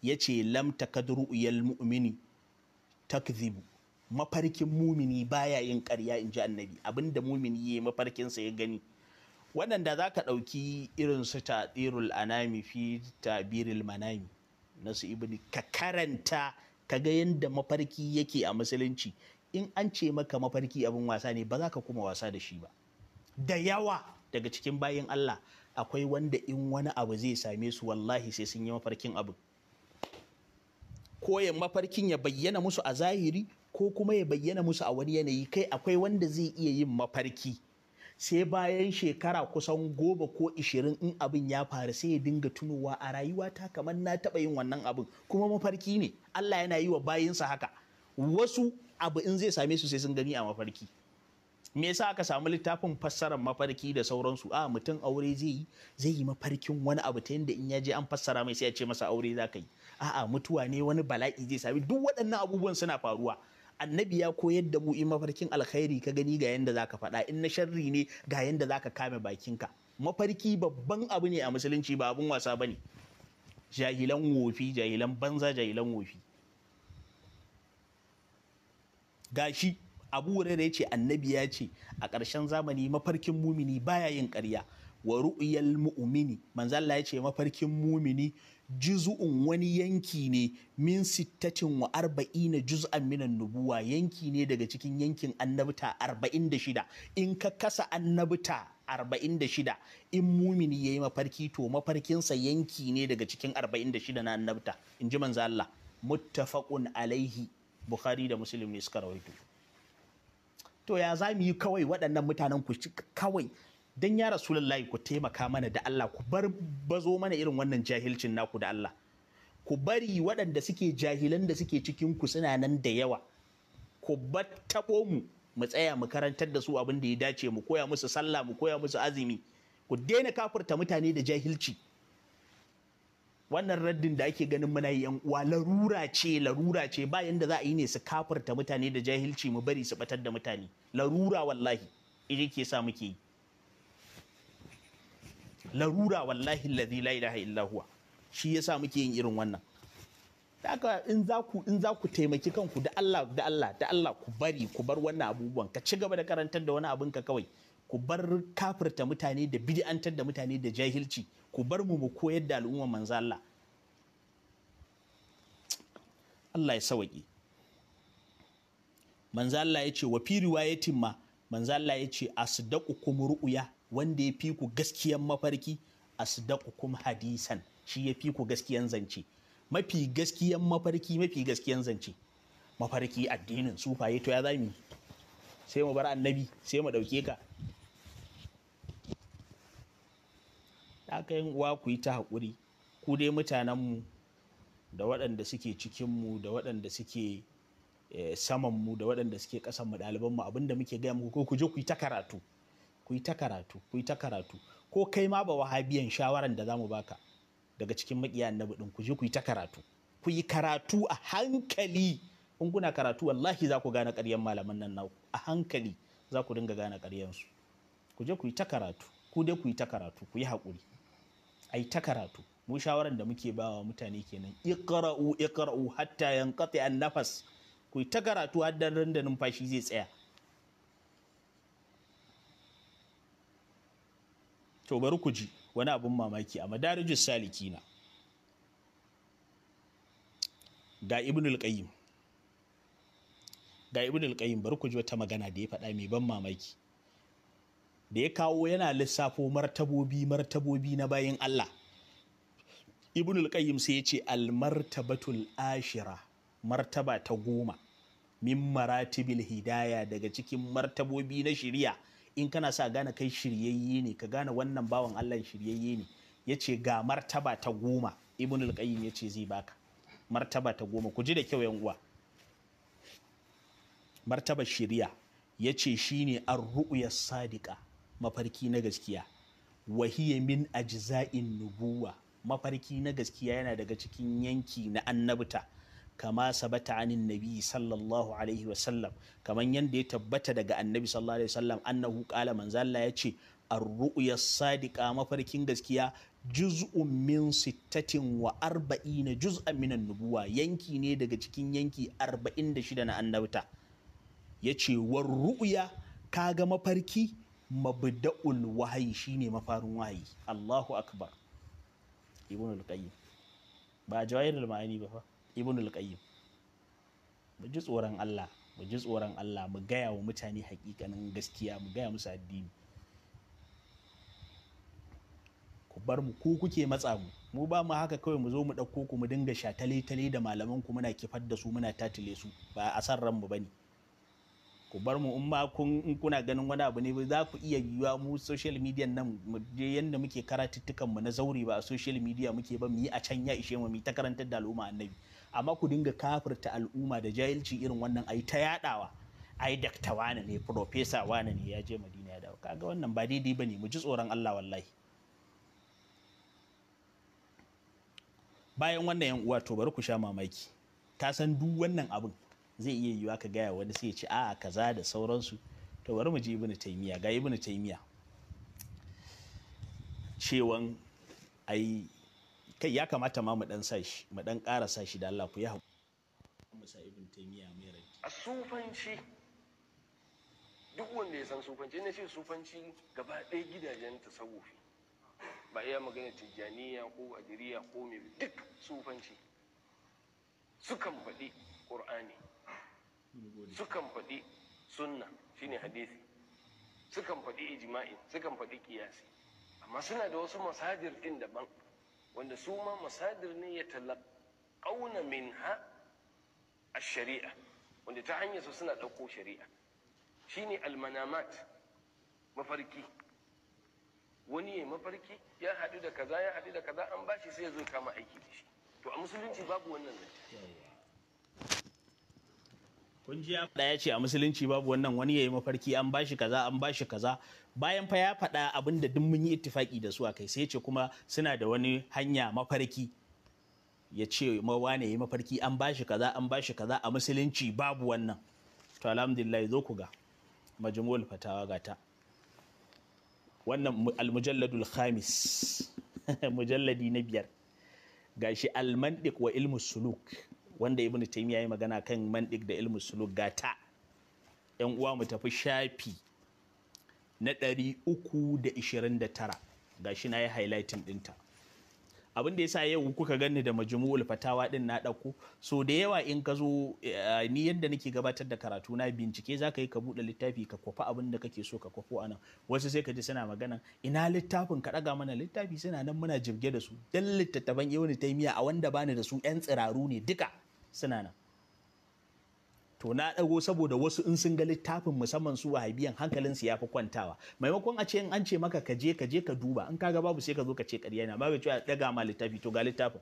ya ce lam takadru yal mu'mini takdhibu mafarkin mumini baya yin karya in ji annabi abinda mumini ya yi mafarkinsa ya gani waɗanda za ka ɗauki irin su taɗirul anami fi tabiril manami na su ibini ka karanta ka ga yadda mafarki yake a musulunci in an ce maka mafarki abin wasa ne ba za ka kuma wasa da shi ba da yawa daga cikin bayan Allah akwai wanda in wani abu zai same su wallahi sai sun yi mafarkin abu ko ya mafarkin ya bayyana musu a zahiri ko kuma ya bayyana musu a wani yanayi kai akwai wanda zai iya yin mafarki sai bayan shekara kusan goma ko ishirin in abin ya faru sai ya dinga tunowa a rayuwa ta kamar na taɓa yin wannan abin kuma mafarki ne Allah yana yi wa bayinsa haka wasu abu in zai same su sai sun gani a mafarki me yasa aka samu littafin fassarar mafarki da sauransu a mutum aure zai yi zai yi mafarkin wani abu ta yadda in ya je an fassara mai sai ya ce masa aure za ka yi a'a mutuwa ne wani bala'i zai sami duk waɗannan abubuwan suna faruwa annabi ya koyar da mu in mafarkin alkhairi ka gani ga yanda zaka faɗa in na sharri ne ga yanda zaka kame bakinka mafarki babban abu ne a musulunci ba abun wasa bane jahilan wofi jahilan banza jahilan wofi gashi abu ya ce annabi ya ce a ƙarshen zamani mafarkin mumini baya yin ƙarya wa ru'yal mu'mini manzo Allah ya mafarkin mumini juz'un wani yanki ne min sittatin wa na juz'an minan nubuwa yanki ne daga cikin yankin annabta arba'in da shida in ka kasa annabta arba'in da shida in mumini ya yi mafarki to mafarkinsa yanki ne daga cikin arba'in da shida na annabta in ji manzo Allah muttafaqun alaihi bukhari da muslim ne suka rawaito to ya za mu yi kawai waɗannan mutanen ku kawai dan ya rasulullahi ku taimaka mana da Allah ku bar bazo mana irin wannan jahilcin naku da Allah ku bari waɗanda suke jahilan da suke cikin ku suna nan da yawa ku bar tabo mu mu tsaya mu karantar da su abin da ya dace mu koya musu sallah mu koya musu azumi ku daina kafurta mutane da jahilci wannan raddin da ake ganin muna yi yan uwa larura ce larura ce bayan da za a yi ne su kafurta mutane da jahilci mu bari su batar da mutane larura wallahi ije ke sa muke yi larura wallahi alladhi la ilaha illa huwa shi yasa muke yin irin wannan haka in za ku in za ku taimaki kanku da Allah da Allah da Allah ku bari ku bar wannan abubuwan ka ci gaba da karantar da wani abin ka kawai ku bar kafirta mutane da bid'antar da mutane da jahilci ku bar mu mu koyar da al'umma manzo Allah Allah ya sauki manzo Allah ya ce wa fi riwayatin ma manzo Allah ya ce asdaqukum ru'ya wanda ya fi ku gaskiyan mafarki a asdaqukum hadisan shi ya fi ku gaskiyan zance mafi gaskiyan mafarki mafi gaskiyan zance mafarki addinin sufaye to ya zami sai mu bar annabi sai mu dauke ka haka yin uwa ku yi ta hakuri, ku dai mutanenmu da waɗanda suke cikinmu da waɗanda suke eh, samanmu da waɗanda suke ƙasanmu ɗalibanmu abinda muke gaya muku ko ku je ku yi ta karatu ku yi ta karatu ku yi ta karatu ko kai ma ba wahabiyan shawaran da za mu baka daga cikin makiya annabi din ku je ku yi ta karatu ku yi karatu a hankali in kuna karatu wallahi za ku gane ƙaryan malaman nan naku a hankali za ku dinga gane su ku je ku yi ta karatu ku dai ku yi ta karatu ku yi haƙuri a yi ta karatu mu shawaran da muke bawa mutane kenan iqra'u iqra'u hatta yanqati an-nafas ku yi ta karatu har dan da numfashi zai tsaya to bari ku ji wani abin mamaki a saliki na. ga ibn al-qayyim ga ibn al bari ku ji wata magana da ya faɗa mai ban mamaki da ya kawo yana lissafo martabobi martabobi na bayin Allah ibn al sai ya ce al-martabatul ashira martaba ta goma min maratibil hidaya daga cikin martabobi na shiriya in kana sa gane kai shiryayye ne ka gane wannan bawan Allah shiryayye ne ya ce ga martaba ta goma ibn alƙayyim ya ce zai baka martaba ta goma ku ji da kyau yan uwa martaba shirya ya ce shi shine an ya sadiƙa mafarki na gaskiya wahiyya min ajza'in nubuwa mafarki na gaskiya yana daga cikin yanki na annabta kama sabata anin nabi sallallahu alaihi sallam. kaman yanda ya tabbata daga annabi sallallahu alaihi sallam. annahu qala manzalla ya ce ar-ru'ya sadiqa mafarkin gaskiya juz'un min sittatin wa arba'ina juz'an minan nubuwa yanki ne daga cikin yanki arba'in da shida na annabta ya ce war ru'ya kaga mafarki mabda'ul wahayi shine mafarin wahayi Allahu akbar ibn al-qayyim ba jawahirul ma'ani ba fa ibnul qayyim mu ji tsoron Allah mu ji tsoron Allah mu gaya wa mutane hakikanin gaskiya mu gaya musu addini ku bar mu ku kuke matsa mu mu ba mu haka kawai mu zo mu dauko ku mu dinga shataletale tale da malaman ku muna kifar da su muna tatile su ba a san ran mu bane ku bar mu in ma kun in kuna ganin wani abu ne za ku iya yiwa mu social media nan mu je yanda muke karatuttukan mu na zauri ba a social media muke ba mu yi a can ya ishe mu mu ta karantar da al'umma annabi amma ku dinga kafirta al'umma da jahilci irin wannan ai ta yadawa ai dakta wane ne profesa wane ne ya je madina ya dawo kaga wannan ba daidai ba ne, mu ji tsoron Allah wallahi bayan wannan yan uwa to bari ku sha mamaki ka san duk wannan abin zai iya yiwa ka gaya wani sai ya ce a'a kaza da sauransu to bari mu ji ibn taymiya ga ibn taymiya cewan ai kai ya kamata ma mu dan sa shi mu dan ƙara sa da Allah ku yi ibn taymiya mai rai a sufanci duk wanda ya san sufanci ina shi sufanci gaba ɗaya gidajen tasawufi ba iya magana tijaniya ko ajiriya ko mai duk sufanci sukan faɗi ƙur'ani sukan faɗi sunna shine hadisi sukan faɗi ijma'i sukan faɗi kiyasi amma suna da wasu masajir ɗin daban wanda su ma masadir ne ya min ha a sharia wanda ta hanyar su suna ɗauko shari'a Shi ne almanamat mafarki wani ya mafarki ya haɗu da kaza ya haɗu da kaza an ba shi sai ya zo kama aiki da shi to a musulunci babu wannan zance kun ji ya faɗa ya ce a musulunci babu wannan wani ya yayi mafarki an bashi kaza an bashi kaza bayan fa ya faɗa abin da duk mun yi ittifaki da su a kai sai ce kuma suna da wani hanya mafarki ya ce ma wane yayi mafarki an bashi kaza an bashi kaza a musulunci babu wannan to alhamdulillah zo ku ga majmu'ul fatawa gata wannan Al al-mujalladul khamis mujalladi na biyar gashi al al-mandiq wa ilmu suluk wanda ibn taymiya ya magana kan mandik da ilmu suluk gata yan uwa mu tafi shafi na 329 gashi na yi highlighting dinta abin da sa yau kuka ganni da majmu'ul fatawa din na ɗauko, so da yawa in ka zo eh, ni yadda nake gabatar da karatu na bincike za ka yi ka buɗe littafi ka kwafa abin da kake so ka kwafo anan wasu sai ka ji suna magana ina littafin ka ɗaga mana littafi suna nan muna jirge da su dan littattafan yau yi miya a wanda bani da su yan tsiraru ne duka suna nan to na ɗago saboda wasu in sun ga littafin musamman su wahabiyan hankalinsu ya fi kwantawa maimakon a ce in an ce maka ka je ka je ka duba in kaga babu sai ka zo ka ce ƙarya na ba ga cewa ɗaga ma littafi to ga littafin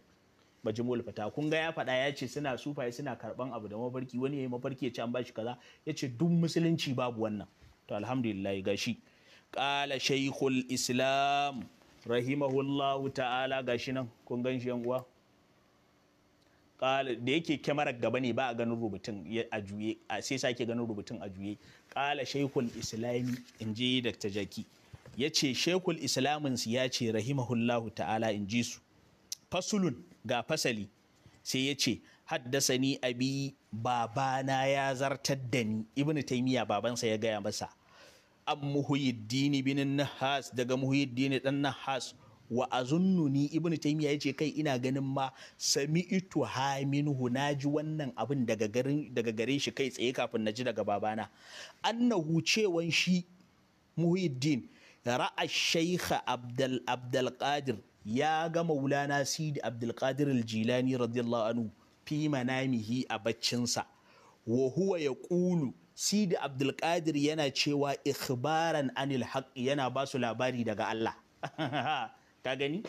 mu fata kun ga ya faɗa ya ce suna sufaye suna karɓan abu da mafarki wani ya yi mafarki ya ce an ba shi kaza ya ce duk musulunci babu wannan to alhamdulillah ga shi ƙala shaikhul islam rahimahullahu ta'ala ga shi nan kun gan shi yan uwa da yake kyamarar gaba ne ba a ganin rubutun a juye sai sake ganin rubutun a juye ƙala shekul islami in je dr jaki ya ce shekul islamin ya ce rahimahullahu ta'ala in ji su fasulun ga fasali sai ya ce haddasa ni abi babana ya zartar da ni ibn taimiya babansa ya gaya masa an muhuyiddini bin nahas daga muhuyiddini dan nahas wa azunnuni ibnu taymiya yace kai ina ganin ma sami'tu na naji wannan abin daga garin daga gare shi kai tsaye kafin naji daga babana annahu cewan shi muhiddin ra'a shaykha abdul abdul qadir ya ga maulana sidi abdul qadir al-jilani radiyallahu anhu fi manamihi a baccinsa wa huwa yaqulu sidi abdul qadir yana cewa ikhbaran anil haqq yana ba su labari daga Allah Ta gani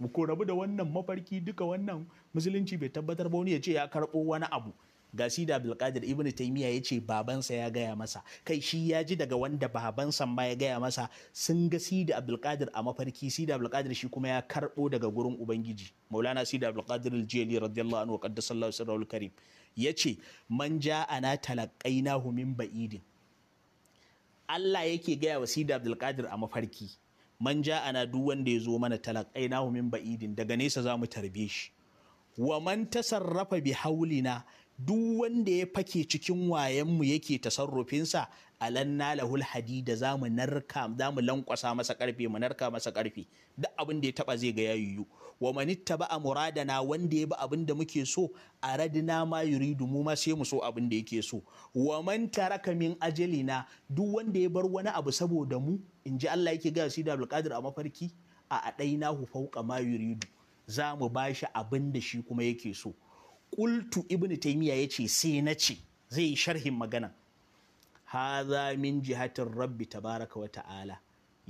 Mu ko rabu da wannan mafarki duka wannan musulunci bai tabbatar ba wani ya ce ya karɓo wani abu ga da bilkadir ibn taimiya ya ce babansa ya gaya masa kai shi ya ji daga wanda babansa ma ya gaya masa sun ga da abdulkadir a mafarki da abdulkadir shi kuma ya karɓo daga gurin ubangiji maulana da abdulkadir aljeli radiyallahu anhu qaddasa allah wasallam karim ya ce man ja talakai talaqainahu min ba'idin Allah yake gaya wa Sidi abdulkadir a mafarki manja ana duk wanda ya zo mana talakai na min ba'idin daga nesa za mu tarbe shi wa man tasarrafa bi haulina duk wanda ya fake cikin wayanmu yake tasarrufinsa alanna lahul hadida za mu narka za mu lankwasa masa karfe mu narka masa karfe duk abin da ya taba zai ga ya wa manitta ba a muradana wanda ya bi abin da muke so a radina ma yuridu mu ma sai mu so abin da yake so wa man taraka min ajalina duk wanda ya bar wani abu saboda mu in ji Allah yake ga sida Abdulkadir a mafarki a hu fauka ma yuridu za mu bashi abin da shi kuma yake so qultu ibnu taymiya yace sai na ce zai sharhin magana hadha min jihatir rabbi tabaraka wa ta'ala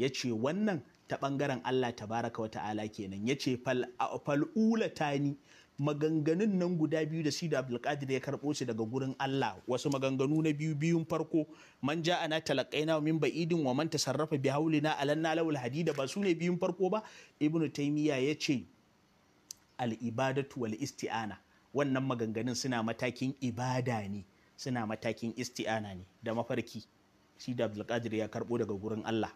ya ce wannan ta bangaren Allah ta baraka wata ala kenan ya ce fal'ulatani maganganun nan guda biyu da sida abdulkadir ya karɓo su daga gurin Allah wasu maganganu na biyu biyun farko man ja ana talaqaina min ba'idin wa man tasarrafa bi haulina alanna lawul hadida ba sune biyun farko ba ibnu taymiya ya ce al ibadatu wal isti'ana wannan maganganun suna matakin ibada ne suna matakin isti'ana ne da mafarki sida abdulkadir ya karɓo daga gurin Allah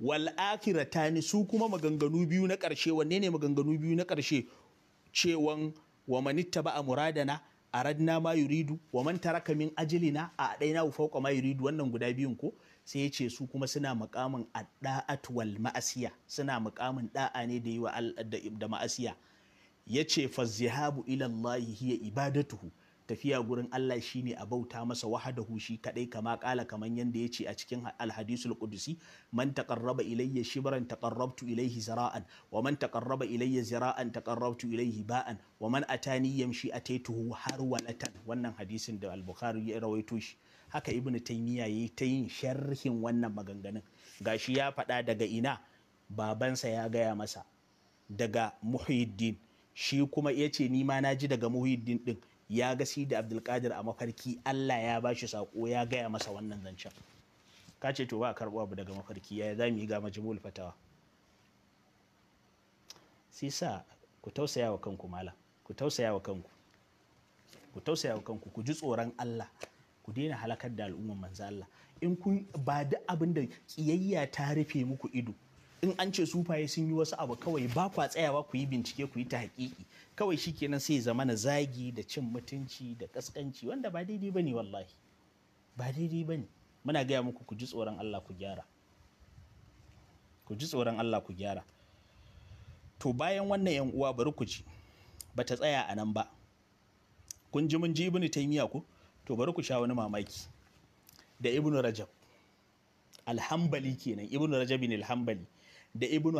wal ni su kuma maganganu biyu na ƙarshe wanne ne maganganu biyu na ƙarshe cewan wa ba a muradana aradna ma yuridu wa man taraka min ajlina a adaina wa fawqa ma yuridu wannan guda biyun ko sai ya ce su kuma suna mukamin adda'at wal ma'asiya suna mukamin da'a ne da yi wa da ma'asiya yace fa zihabu ila allahi hiya ibadatuhu tafiya gurin Allah shine a bauta masa wahadahu shi kadai kama kala kaman yanda ce a cikin alhadisul qudusi man taqarraba ilayya shibran taqarrabtu ilayhi zira'an wa man taqarraba ilayya zira'an taqarrabtu ilayhi ba'an wa man atani yamshi ataituhu harwalatan wannan hadisin da al-bukhari ya rawaito shi haka ibnu taymiya yayi ta yin sharhin wannan maganganun gashi ya faɗa daga ina babansa ya gaya masa daga muhiddin shi kuma ya ce ni ma na ji daga muhiddin din ya ga da abdulkadir a mafarki allah ya ba shi saƙo ya gaya masa wannan zancen ka ce to ba karɓo abu daga mafarki ya za mu yi ga majimul fatawa sai sa ku tausaya wa kanku mala ku tausaya wa kanku ku tausaya wa kanku ku ji tsoron allah ku daina halakar da al'ummar manzo allah in kun ba duk abin da kiyayya ta rufe muku ido in an ce sufaye sun yi wasu abu kawai ba kwa tsayawa ku yi bincike ku yi ta hakiki kawai shi shikenan sai zama na zagi da cin mutunci da kaskanci wanda ba daidai ba ne, wallahi ba daidai ba ne. muna gaya muku ku ji tsoron Allah ku gyara ku ji tsoron Allah ku gyara to bayan wannan yan uwa bari ku ji ta tsaya a nan ba kun ji mun ji ibnu taymiya ko to bari ku sha wani mamaki da ibnu rajab alhambali kenan ibnu rajab bin alhambali da ibnu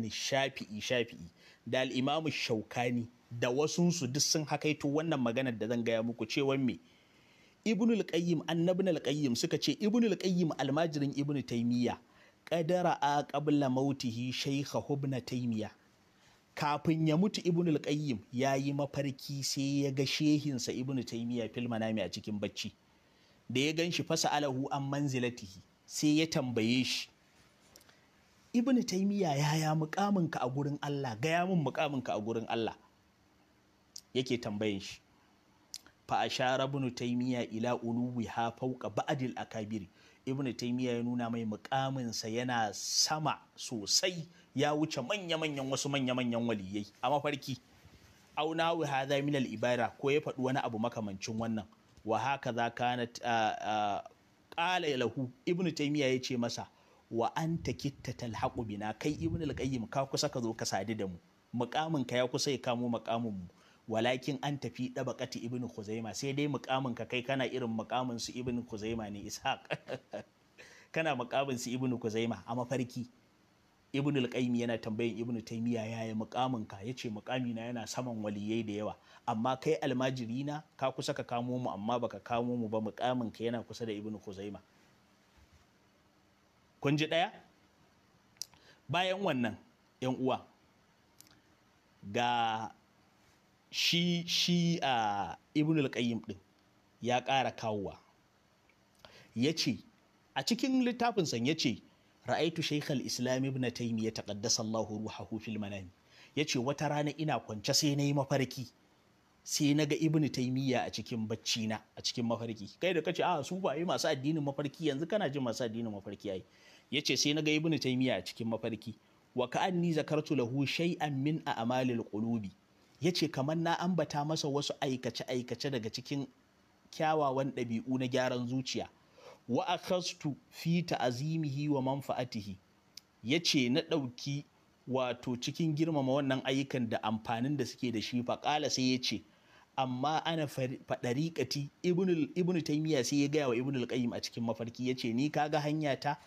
ne shafi'i shafi'i da al'imamu shaukani da wasunsu duk sun hakaito wannan maganar da zan gaya muku cewa me ibnu al-qayyim annabin al-qayyim suka ce ibnu al-qayyim almajirin ibnu taymiya qadara a qabla mautihi shaykha ibn taymiya kafin ya mutu ibnu al-qayyim yayi mafarki sai ya ga shehin sa ibnu taymiya fil manami a cikin bacci da ya ganshi fasa alahu an manzilatihi sai ya tambaye shi ibnu ya ya mukamin ka a gurin Allah gaya min mukamin ka a gurin Allah yake tambayin shi fa ashara ibnu taimiyya ila ha fawqa ba'dil akabiri ibnu taimiyya ya nuna mai mukamin sa yana sama sosai ya wuce manya manyan wasu manya manyan waliyai a mafarki auna wa hadha min al ibara ko ya faɗi wani abu makamancin wannan wa haka za kana qala lahu ibnu taimiyya ya ce masa wa an ta kitta talhaqu bina kai ibn al-qayyim ka kusa ka zo ka sadu da mu muqamin ka ya kusa ya kamo muqamin mu walakin an tafi dabaqati ibn khuzaima sai dai muqamin ka kai kana irin muqamin su ibn khuzaima ne ishaq kana muqamin su ibn khuzaima a mafarki ibn al-qayyim yana tambayin ibn taymiya yaya muqamin ka yace muqami na yana saman waliyai da yawa amma kai almajirina na ka kusa ka kamo mu amma baka kamo mu ba muqamin ka yana kusa da ibn khuzaima kun ji ɗaya bayan wannan yan uwa ga shi shi a ibn al-qayyim din ya ƙara kawowa ya ce a cikin littafinsa ya ce ra'aitu shaikhal al-islam ibn taymiyyah taqaddasa Allahu ruhahu fil manami ce wata rana ina kwance sai na yi mafarki sai na ga Ibn taimiyya a cikin bacci na a cikin mafarki kai da ce a su ba yi masu addinin mafarki yanzu kana jin masu addinin mafarki yayi Ya ce sai na ga ibnu taymiya a cikin mafarki wa ka'anni zakartu lahu shay'an min a'malil qulubi Ya ce kamar na ambata masa wasu aikace aikace daga cikin kyawawan ɗabi'u na gyaran zuciya wa akhastu fi ta'zimihi wa manfa'atihi ce na ɗauki wato cikin girmama wannan ayyukan da amfanin da suke da shi faƙala sai ya ce amma ana faɗariƙati ibnu taymiya sai ya gaya wa ibnu alƙayyim a cikin mafarki ya ce ni kaga ta?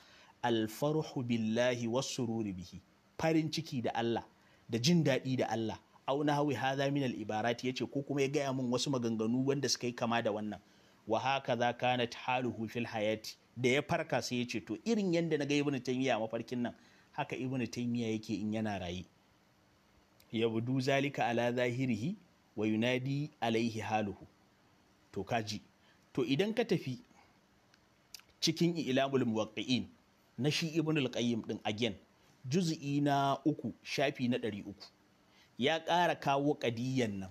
alfarhu billahi wasururi bihi farin ciki da Allah da jin daɗi da Allah auna hawi hadha min al ibarat yace ko kuma ya gaya mun wasu maganganu wanda suka yi kama da wannan wa hakaza kanat haluhu fil hayati da ya farka sai yace to irin yanda na ga ibnu taymiya mafarkin nan haka ibnu taymiya yake in yana ya budu zalika ala zahirihi wa yunadi alaihi haluhu to kaji to idan ka tafi cikin ilamul muwaqqi'in na shi ibn al-qayyim din again juz'i na uku shafi na ɗari uku ya ƙara kawo ƙadiyan nan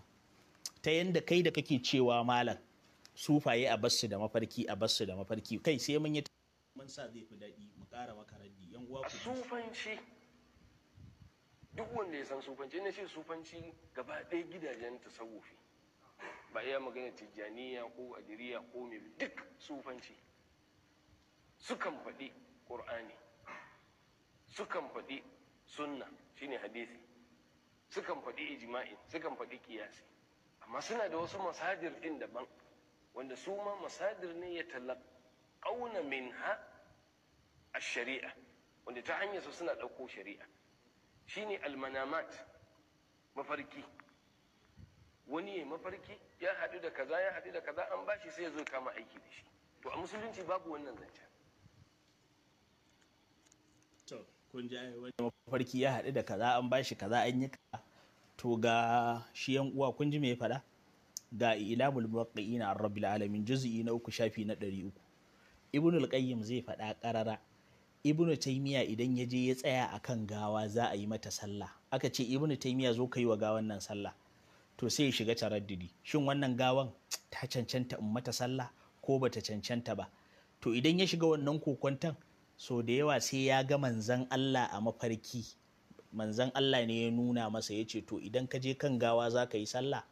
ta yanda kai da kake cewa malam sufaye a bassu da mafarki a bassu da mafarki kai sai mun yi mun sa zai fi daɗi mu ƙara maka raddi yan uwa ku sufanci duk wanda ya san sufanci ne ce sufanci gaba ɗaya gidajen tasawufi ba iya magana tijjaniya ko adiriya ko me duk sufanci sukan faɗi ƙur'ani sukan faɗi sunna shine hadisi sukan faɗi ijma'i sukan faɗi kiyasi amma suna da wasu masajir ɗin daban wanda su ma masajir ne ya min ha a sharia wanda ta hanyar su suna ɗauko shari'a shine almanamat mafarki wani ya mafarki ya haɗu da kaza ya haɗu da kaza an bashi sai ya zo kama aiki da shi to a musulunci babu wannan zancen kun mafarki ya haɗu da kaza an bashi kaza an yi kaza to ga shi yan uwa kun ji me ya faɗa ga ilamul muwaqqi'ina na rabbil alamin juz'i na uku shafi na ɗari uku ibnul qayyim zai faɗa ƙarara ibnu taimiya idan ya je ya tsaya a kan gawa za a yi mata sallah aka ce ibnu taimiya zo ka yi wa gawan nan sallah to sai ya shiga taraddudi shin wannan gawan ta cancanta in mata sallah ko bata cancanta ba to idan ya shiga wannan kokwantan Sau da yawa sai ya ga manzan Allah a mafarki manzan Allah ne ya nuna masa ya ce to idan ka je kan gawa za ka yi sallah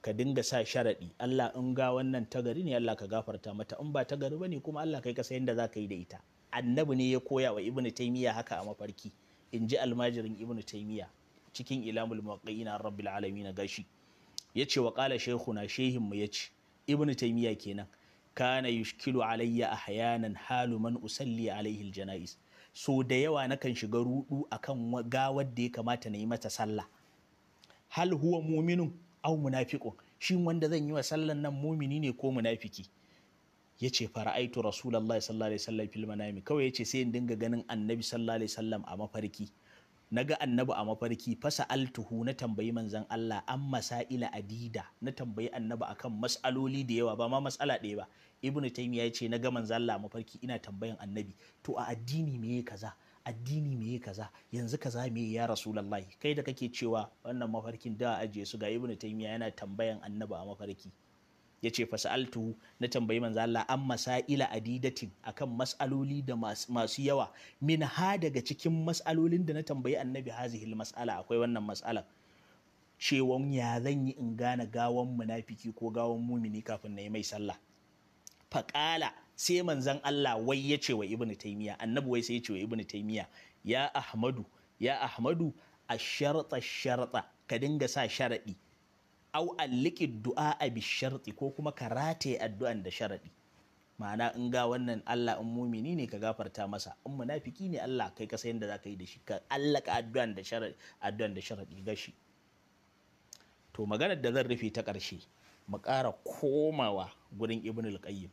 ka dinga sa sharaɗi Allah in ga wannan tagari ne Allah ka gafarta mata in ba tagari ba ne kuma Allah kai ka sayan da za ka yi da ita annabi ne ya koya wa ibnu taymiya haka a mafarki in ji almajirin ibnu taymiya cikin ilamul muqayyina rabbil alamin gashi yace wa qala shaykhuna shehin mu yace ibnu taymiya kenan kana yushkilu alayya ahyanan halu man usalli alayhi aljanais so da yawa nakan shiga rudu akan gawar da ya kamata na yi mata sallah hal huwa muminun aw munafiqun shin wanda zan yi wa sallan nan mumini ne ko munafiki yace fara'aitu rasulullahi sallallahu alaihi wasallam fil manami kawai yace sai in dinga ganin annabi sallallahu alaihi wasallam a mafarki na ga annabi a mafarki fasa altuhu na tambayi manzan Allah an masa'ila adida na tambayi annabi kan mas'aloli da yawa ba ma mas'ala ɗaya ba ibnu taymiya ya ce na ga manzan Allah a mafarki ina tambayan annabi to a addini me kaza addini me kaza yanzu kaza me ya rasulullahi kai da kake cewa wannan mafarkin da ajiye su ga ibnu taymiya yana tambayan annabi a mafarki Ya ce, fasaltu na tambayi manzo Allah an masaila adidatin akan mas'aloli da masu yawa min ha daga cikin mas'alolin da na tambayi annabi hazihil mas'ala akwai wannan mas'alar cewan ya zan yi in gane gawan munafiki ko gawan mumini kafin na yi mai sallah faƙala sai manzan Allah wai ya ce wa ibnu taymiya annabi wai sai ya ce wa ibnu taymiya ya ahmadu ya ahmadu a sharta sharta ka dinga sa sharaɗi au alliki du'a a sharti ko kuma ka rataye addu'an da sharadi ma'ana in ga wannan Allah in mumini ne ka gafarta masa in munafiki ne Allah kai ka san za zaka yi da shi ka allaka addu'an da sharadi addu'an da sharadi gashi to maganar da zan rufe ta ƙarshe mu ƙara komawa gurin Ibn al-Qayyim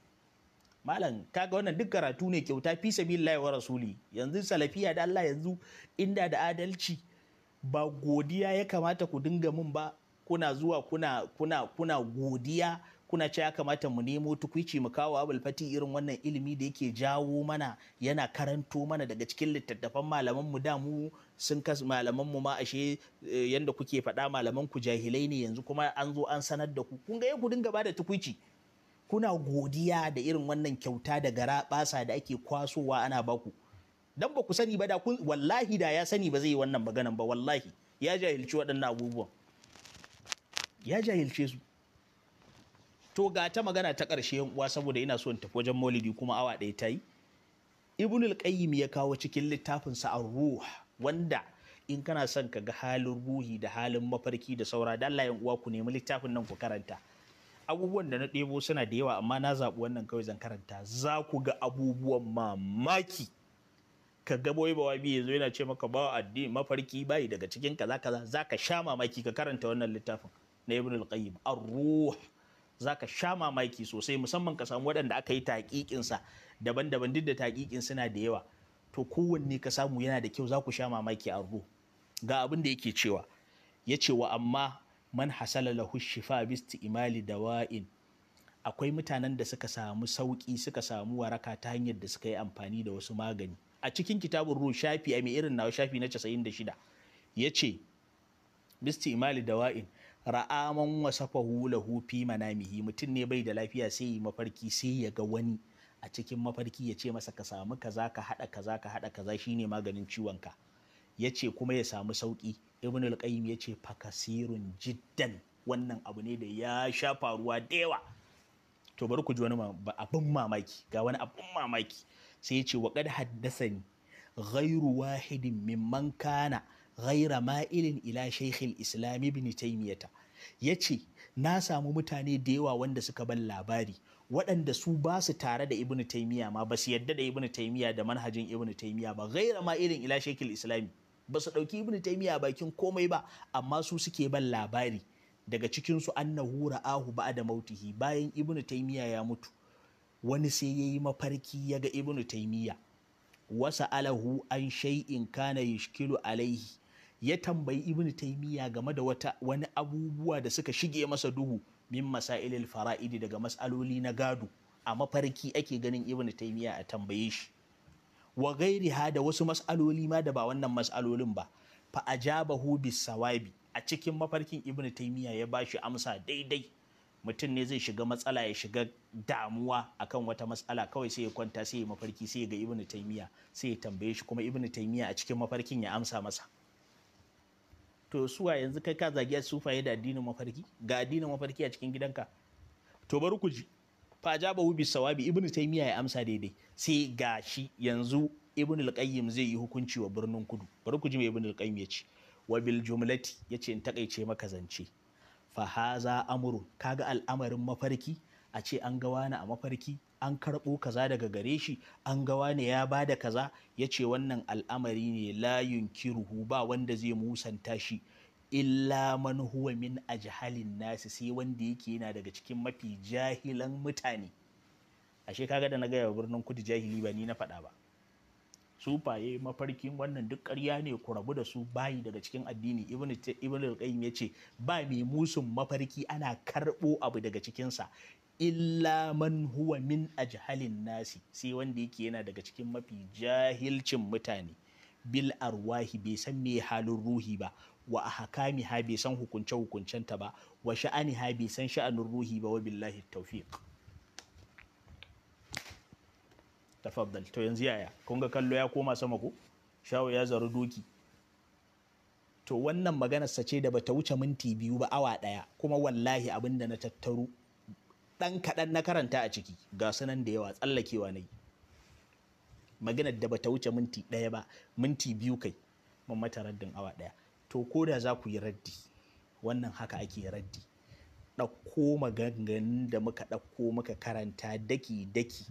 malam kaga wannan duk karatu ne kyauta fi sabilillahi wa rasuli yanzu salafiya da Allah yanzu inda da adalci ba godiya ya kamata ku dinga mun ba kuna zuwa kuna kuna kuna godiya kuna ce ya kamata mu nemo tukwici mu kawo abul irin wannan ilimi da yake jawo mana yana karanto mana daga cikin littattafan malaman mu da mu sun kas malaman mu ma ashe eh, yanda kuke faɗa malaman ku jahilai ne yanzu kuma an zo an sanar da ku kun ga eh, ku dinga bada tukwici kuna godiya da irin wannan kyauta da gara basa da ake kwasowa ana baku dan ba ku sani ba da wallahi da ya sani ba zai yi wannan maganan ba wallahi ya jahilci waɗannan abubuwan ya jahilce su to ga ta magana ta ƙarshe yan uwa saboda ina so tafi wajen maulidi kuma awa ɗaya ta yi ibn al-qayyim ya kawo cikin littafin sa ruh wanda in kana son ka ga halin ruhi da halin mafarki da saura da Allah yan uwa ku nemi littafin nan ku karanta abubuwan da na ɗebo suna da yawa amma na zaɓi wannan kawai zan karanta za ku ga abubuwan mamaki ka ga boye bawa biyu yanzu yana ce maka ba addini mafarki bayi daga cikin kaza kaza za ka sha mamaki ka karanta wannan littafin na ibn al-qayyim ar-ruh zaka sha mamaki sosai musamman ka samu waɗanda aka yi taƙiƙin sa daban-daban duk da taƙiƙin suna da yawa to kowanne ka samu yana da kyau zaku sha mamaki ar-ruh ga abin da yake cewa yace wa amma man hasala lahu shifa bi imali dawa'in akwai mutanen da suka samu sauki suka samu waraka ta hanyar da suka yi amfani da wasu magani a cikin kitabun ruh shafi a mai irin nawa shafi na 96 yace bisti imali dawa'in ra'aman wasafahu hufi mana manamihi mutum ne bai da lafiya sai yi mafarki sai ya ga wani a cikin mafarki ya ce masa ka samu kaza ka haɗa kaza ka haɗa kaza shine maganin ciwon ka ce kuma ya samu sauki ibn al-qayyim ce fakasirun jiddan wannan abu ne da ya sha faruwa da yawa to bari ku ji wani abin mamaki ga wani abin mamaki sai ya ce wa qad haddathani ghairu wahidin mimman kana ghaira ma'ilin ila shaikhil islam ibn taymiyata ya ce na samu mutane da yawa wanda suka ban labari waɗanda su ba su tare da ibnu Taimiyya ma ba su yadda da ibnu Taimiyya da manhajin ibnu Taimiyya ba gaira ma irin ila shekil islami ba su ɗauki ibnu Taimiyya bakin komai ba amma su suke ban labari daga cikinsu annahu ra'ahu ba da mautihi bayan ibnu Taimiyya ya mutu wani sai ya yi mafarki ya ga ibnu Taimiyya. wasa alahu an shay'in kana yushkilu alaihi ya tambayi ibn taimiyya game da wata wani abubuwa da suka shige masa duhu min masailil fara'idi daga masaloli na gado a mafarki ake ganin ibnu taimiya a tambaye shi wa ha da wasu mas'aloli ma da ba wannan mas'alolin ba fa ajabahu hubis sawabi a cikin mafarkin ibn taimiya ya ba shi amsa daidai mutum ne zai shiga matsala ya shiga damuwa akan wata matsala kawai sai ya kwanta sai ya mafarki sai ya ga ibnu taimiya sai ya tambaye shi kuma ibn taimiya a cikin mafarkin ya amsa masa to suwa yanzu kai ka zagi a sufaye da addinin mafarki ga addinin mafarki a cikin gidanka to bari ku ji fa ja jaba hu sawabi ibnu taymiya ya amsa daidai sai ga shi yanzu ibnu al zai yi hukunci wa birnin kudu bari ku ji me ibnu al-qayyim ya ce wa bil jumlati yace in takaice maka zance fa haza Ka kaga al'amarin mafarki a ce an ga wani a mafarki an karɓo kaza daga gare shi an ga wani ya ba da kaza ya ce wannan al'amari ne layun kirhu ba wanda zai musanta shi illa man huwa min ajhalin nasi sai wanda yake yana daga cikin mafi jahilan mutane ashe kaga da na gaya wa birnin kudu jahili ba ni na faɗa ba su faye mafarkin wannan duk ƙarya ne ku rabu da su bayi daga cikin addini ibn ibn al ya ce ba mai musun mafarki ana karɓo abu daga cikinsa illa man huwa min ajhalin nasi sai wanda yake yana daga cikin mafi jahilcin mutane bil arwahi bai san me halin ruhi ba wa ahkami ha bai san hukunce hukuncenta ba wa sha'ani ha bai san sha'anin ruhi ba wa billahi tawfiq tafaddal to yanzu yaya kun ga kallo ya koma sama ko shawo ya zaru doki to wannan maganarsa ce da bata wuce minti biyu ba awa ɗaya kuma wallahi abinda na tattaro ɗan kaɗan na karanta a ciki ga sunan da yawa tsallakewa na yi maganar da bata wuce minti ɗaya ba minti biyu kai mun mata raddin awa ɗaya to ko da za ku yi raddi wannan haka ake raddi ɗauko maganganun da muka ɗauko muka karanta daki-daki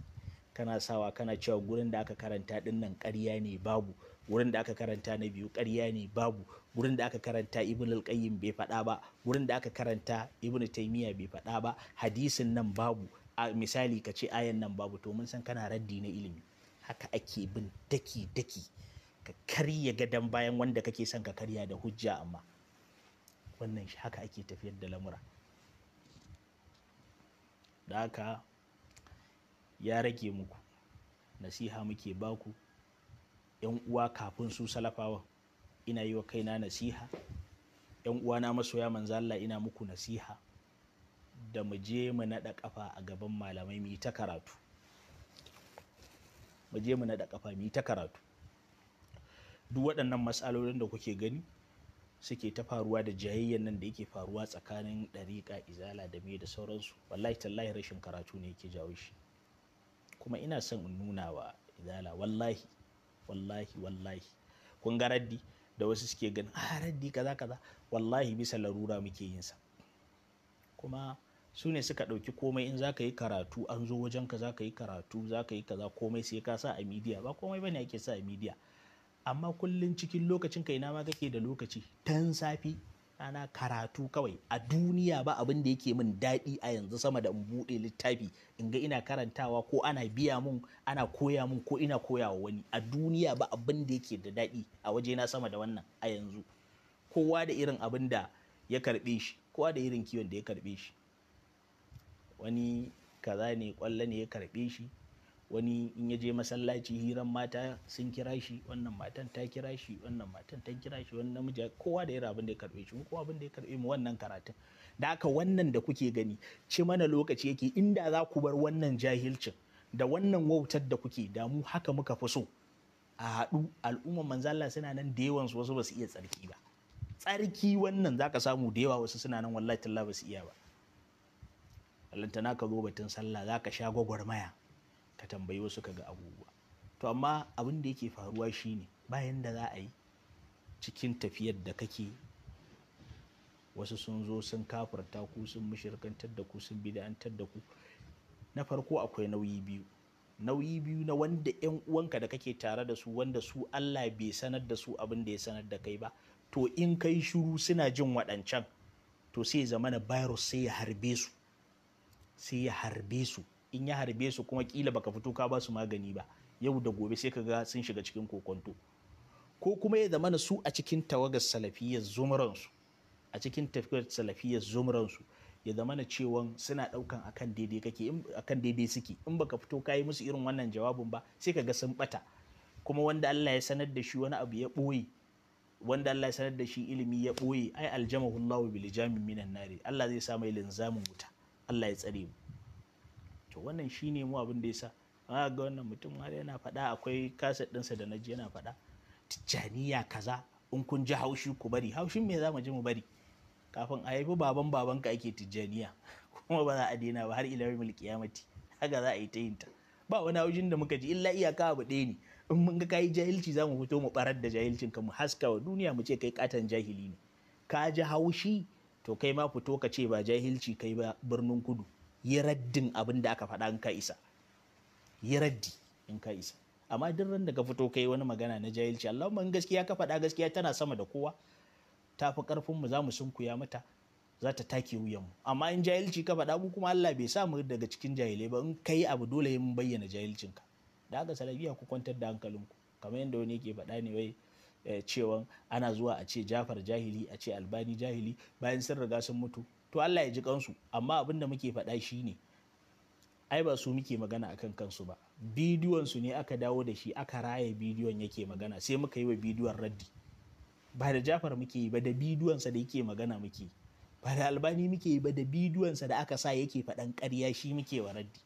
kana sawa kana cewa gurin da aka karanta ɗin nan ƙarya ne babu wurin da aka karanta na biyu ƙarya ne babu wurin da aka karanta ibn al bai faɗa ba wurin da aka karanta ibn taymiya bai faɗa ba hadisin nan babu a misali ka ce ayan nan babu to mun san kana raddi na ilimi haka ake bin daki daki ka karya gadon bayan wanda kake son ka karya da hujja amma wannan shi haka ake tafiyar da lamura da haka ya rage muku nasiha muke baku yan uwa kafin su salafawan ina yi wa kaina nasiha yan uwana masoya manzo Allah ina muku nasiha da mu je mu naɗa ƙafa a gaban malamai mu yi ta karatu mu je mu naɗa ƙafa mu yi ta karatu duk waɗannan matsalolin da kuke gani suke ta faruwa da jayayyan nan da yake faruwa tsakanin ɗariƙa izala da me da sauransu wallahi tallahi rashin karatu ne yake jawo shi kuma ina son in nuna wa izala wallahi wallahi wallahi kun ga raddi da wasu suke ganin a ah, raddi kaza kaza wallahi bisa larura muke yin sa kuma su ne suka ɗauki komai in zaka yi karatu an zo wajen ka zaka yi karatu zaka yi kaza komai sai ka sa a midiya ba komai bane ake sa a midiya amma kullun cikin lokacin kai na ma kake da lokaci tan safi rana karatu kawai a duniya ba abin da yake min daɗi a yanzu sama da in buɗe littafi in ga ina karantawa ko ana biya mun ana koya mun ko ina koya wa wani a duniya ba abin da yake da daɗi a waje na sama da wannan a yanzu kowa da irin abin da ya karɓe shi kowa da irin kiwon da ya karɓe shi wani kaza ne kwallo ne ya karɓe shi wani in ya je masallaci hiran mata sun kira shi wannan matan ta kira shi wannan matan ta kira shi wannan namiji kowa da irin abin da ya karbe shi kowa abin da ya karbe mu wannan karatun da haka wannan da kuke gani ci mana lokaci yake inda za ku bar wannan jahilcin da wannan wautar da kuke da mu haka muka fi so a haɗu al'umman manzala suna nan da yawansu wasu ba su iya tsarki ba tsarki wannan za ka samu da yawa wasu suna nan wallahi talla ba su iya ba lantana ka zo batun sallah za ka sha gwagwarmaya ka tambayi wasu ka ga abubuwa to amma abin da yake faruwa shine bayan da za a yi cikin tafiyar da kake wasu sun zo sun kafarta ku sun mushirkantar da ku sun bid'antar da ku na farko akwai nauyi biyu nauyi biyu na wanda yan uwanka da kake tare da su wanda su Allah bai sanar da su abin da ya sanar da kai ba to in kai shiru suna jin waɗancan to sai zamana virus sai ya harbe su sai ya harbe su in ya harbe su kuma kila baka fito ka ba su magani ba yau da gobe sai ka ga sun shiga cikin kokonto ko kuma ya zamana su a cikin tawagar salafiyar su a cikin tafiyar salafiyar su ya zamana cewa suna daukan akan daidai kake akan daidai suke in baka fito ka yi musu irin wannan jawabin ba sai kaga ga sun bata kuma wanda Allah ya sanar da shi wani abu ya boye wanda Allah ya sanar da shi ilimi ya boye ai aljamahullahu bil jamin minan nari Allah zai sa mai linzamin wuta Allah ya tsare mu to wannan shine mu abin da ya yasa ba ga wannan mutum har yana faɗa akwai kaset ɗinsa da naji yana faɗa tijjaniya kaza in kun ji haushi ku bari haushin me za mu ji mu bari kafin a haifi baban babanka ake tijjaniya kuma ba za a daina ba har ila mulki yamati haka za a yi ta yin ba wani haushin da muka ji illa iyaka abu ɗaya ne in mun ga kayi jahilci za mu fito mu barar da jahilcin ka mu haska wa duniya mu ce kai katan jahili ne ka ji haushi to kai ma fito ka ce ba jahilci kai ba birnin kudu yi raddin abin da aka faɗa in ka isa yi raddi in ka isa amma duk ran da ka fito kai wani magana na jahilci Allah in gaskiya ka faɗa gaskiya tana sama da kowa ta fi ƙarfin mu za mu sunkuya mata za ta take wuyan mu amma in jahilci ka faɗa mu kuma Allah bai sa mu daga cikin jahilai ba in kai abu dole mun bayyana jahilcin ka da haka salabiya ku kwantar da hankalinku kamar yadda wani yake faɗa ne wai eh, cewa ana zuwa a ce Jafar jahili a ce Albani jahili bayan sun riga sun mutu to Allah ya ji kansu amma abin da muke faɗa shi ne ai ba su muke magana a kan kansu ba bidiyon su ne aka dawo da shi aka raya bidiyon yake magana sai muka yi wa bidiyon raddi ba da jafar muke yi ba da bidiyonsa da yake magana muke ba da albani muke yi ba da bidiyonsa da aka sa yake faɗan ƙarya shi muke wa raddi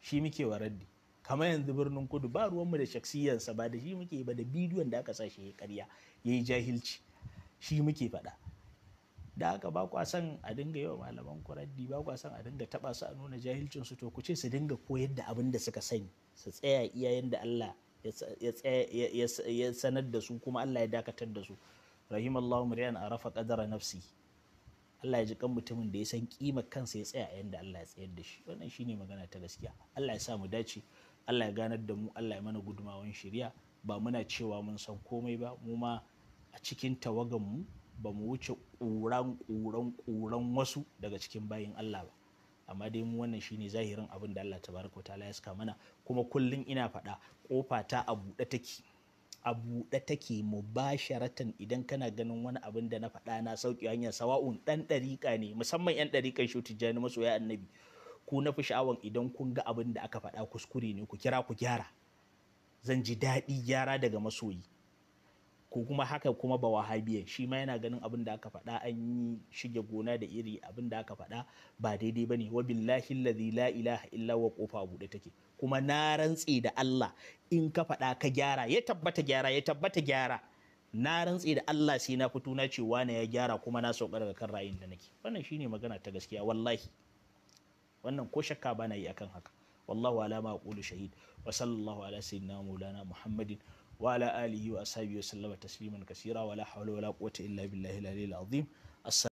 shi muke wa raddi kamar yanzu birnin kudu ba ruwanmu da shaksiyansa ba da shi muke ba da bidiyon da aka sa shi ya ƙarya ya yi jahilci shi muke faɗa da haka ba kwa son a dinga yawa malaman ku ba kwa son a dinga taba su a nuna jahilcin su to ku ce su dinga koyar da abin da suka sani su tsaya iyayen da Allah ya sanar da su kuma Allah ya dakatar da su rahimallahu muryan rafa qadara nafsi Allah ya ji kan mutumin da ya san kima kansa ya tsaya a yanda Allah ya tsayar da shi wannan shine magana ta gaskiya Allah ya sa mu dace Allah ya ganar da mu Allah ya mana gudumawan shirya ba muna cewa mun san komai ba mu ma a cikin tawagan mu ba mu wuce ƙuran ƙuran ƙuran wasu daga cikin bayin Allah ba amma dai mu wannan shine zahirin abin da Allah tabaraka ta'ala ya saka mana kuma kullum ina faɗa kofa ta a buɗe take a buɗe take mubasharatan idan kana ganin wani abin da na faɗa na sauki hanyar sawa'un ɗan ɗariƙa ne musamman 'yan ɗariƙan shi tijjani masoya annabi ku na fi sha'awan idan kun ga abin da aka faɗa kuskure ne ku kira ku gyara zan ji daɗi gyara daga masoyi ko kuma haka kuma ba wahabiyan shi ma yana ganin abin da aka faɗa an yi shige gona da iri abin da aka faɗa ba daidai ba ne wa billahi alladhi la ilaha illa wa kofa buɗe take kuma na rantse da Allah in ka faɗa ka gyara ya tabbata gyara ya tabbata gyara na rantse da Allah sai na fito na ce wane ya gyara kuma na saukar da kan ra'ayin da nake wannan shine magana ta gaskiya wallahi wannan ko shakka bana yi akan haka wallahu alama a aqulu shahid wa sallallahu ala sayyidina maulana muhammadin wa ala alihi wa ashabihi wa sallama tasliman kasira wala hawla wala quwwata illa billahi al a azim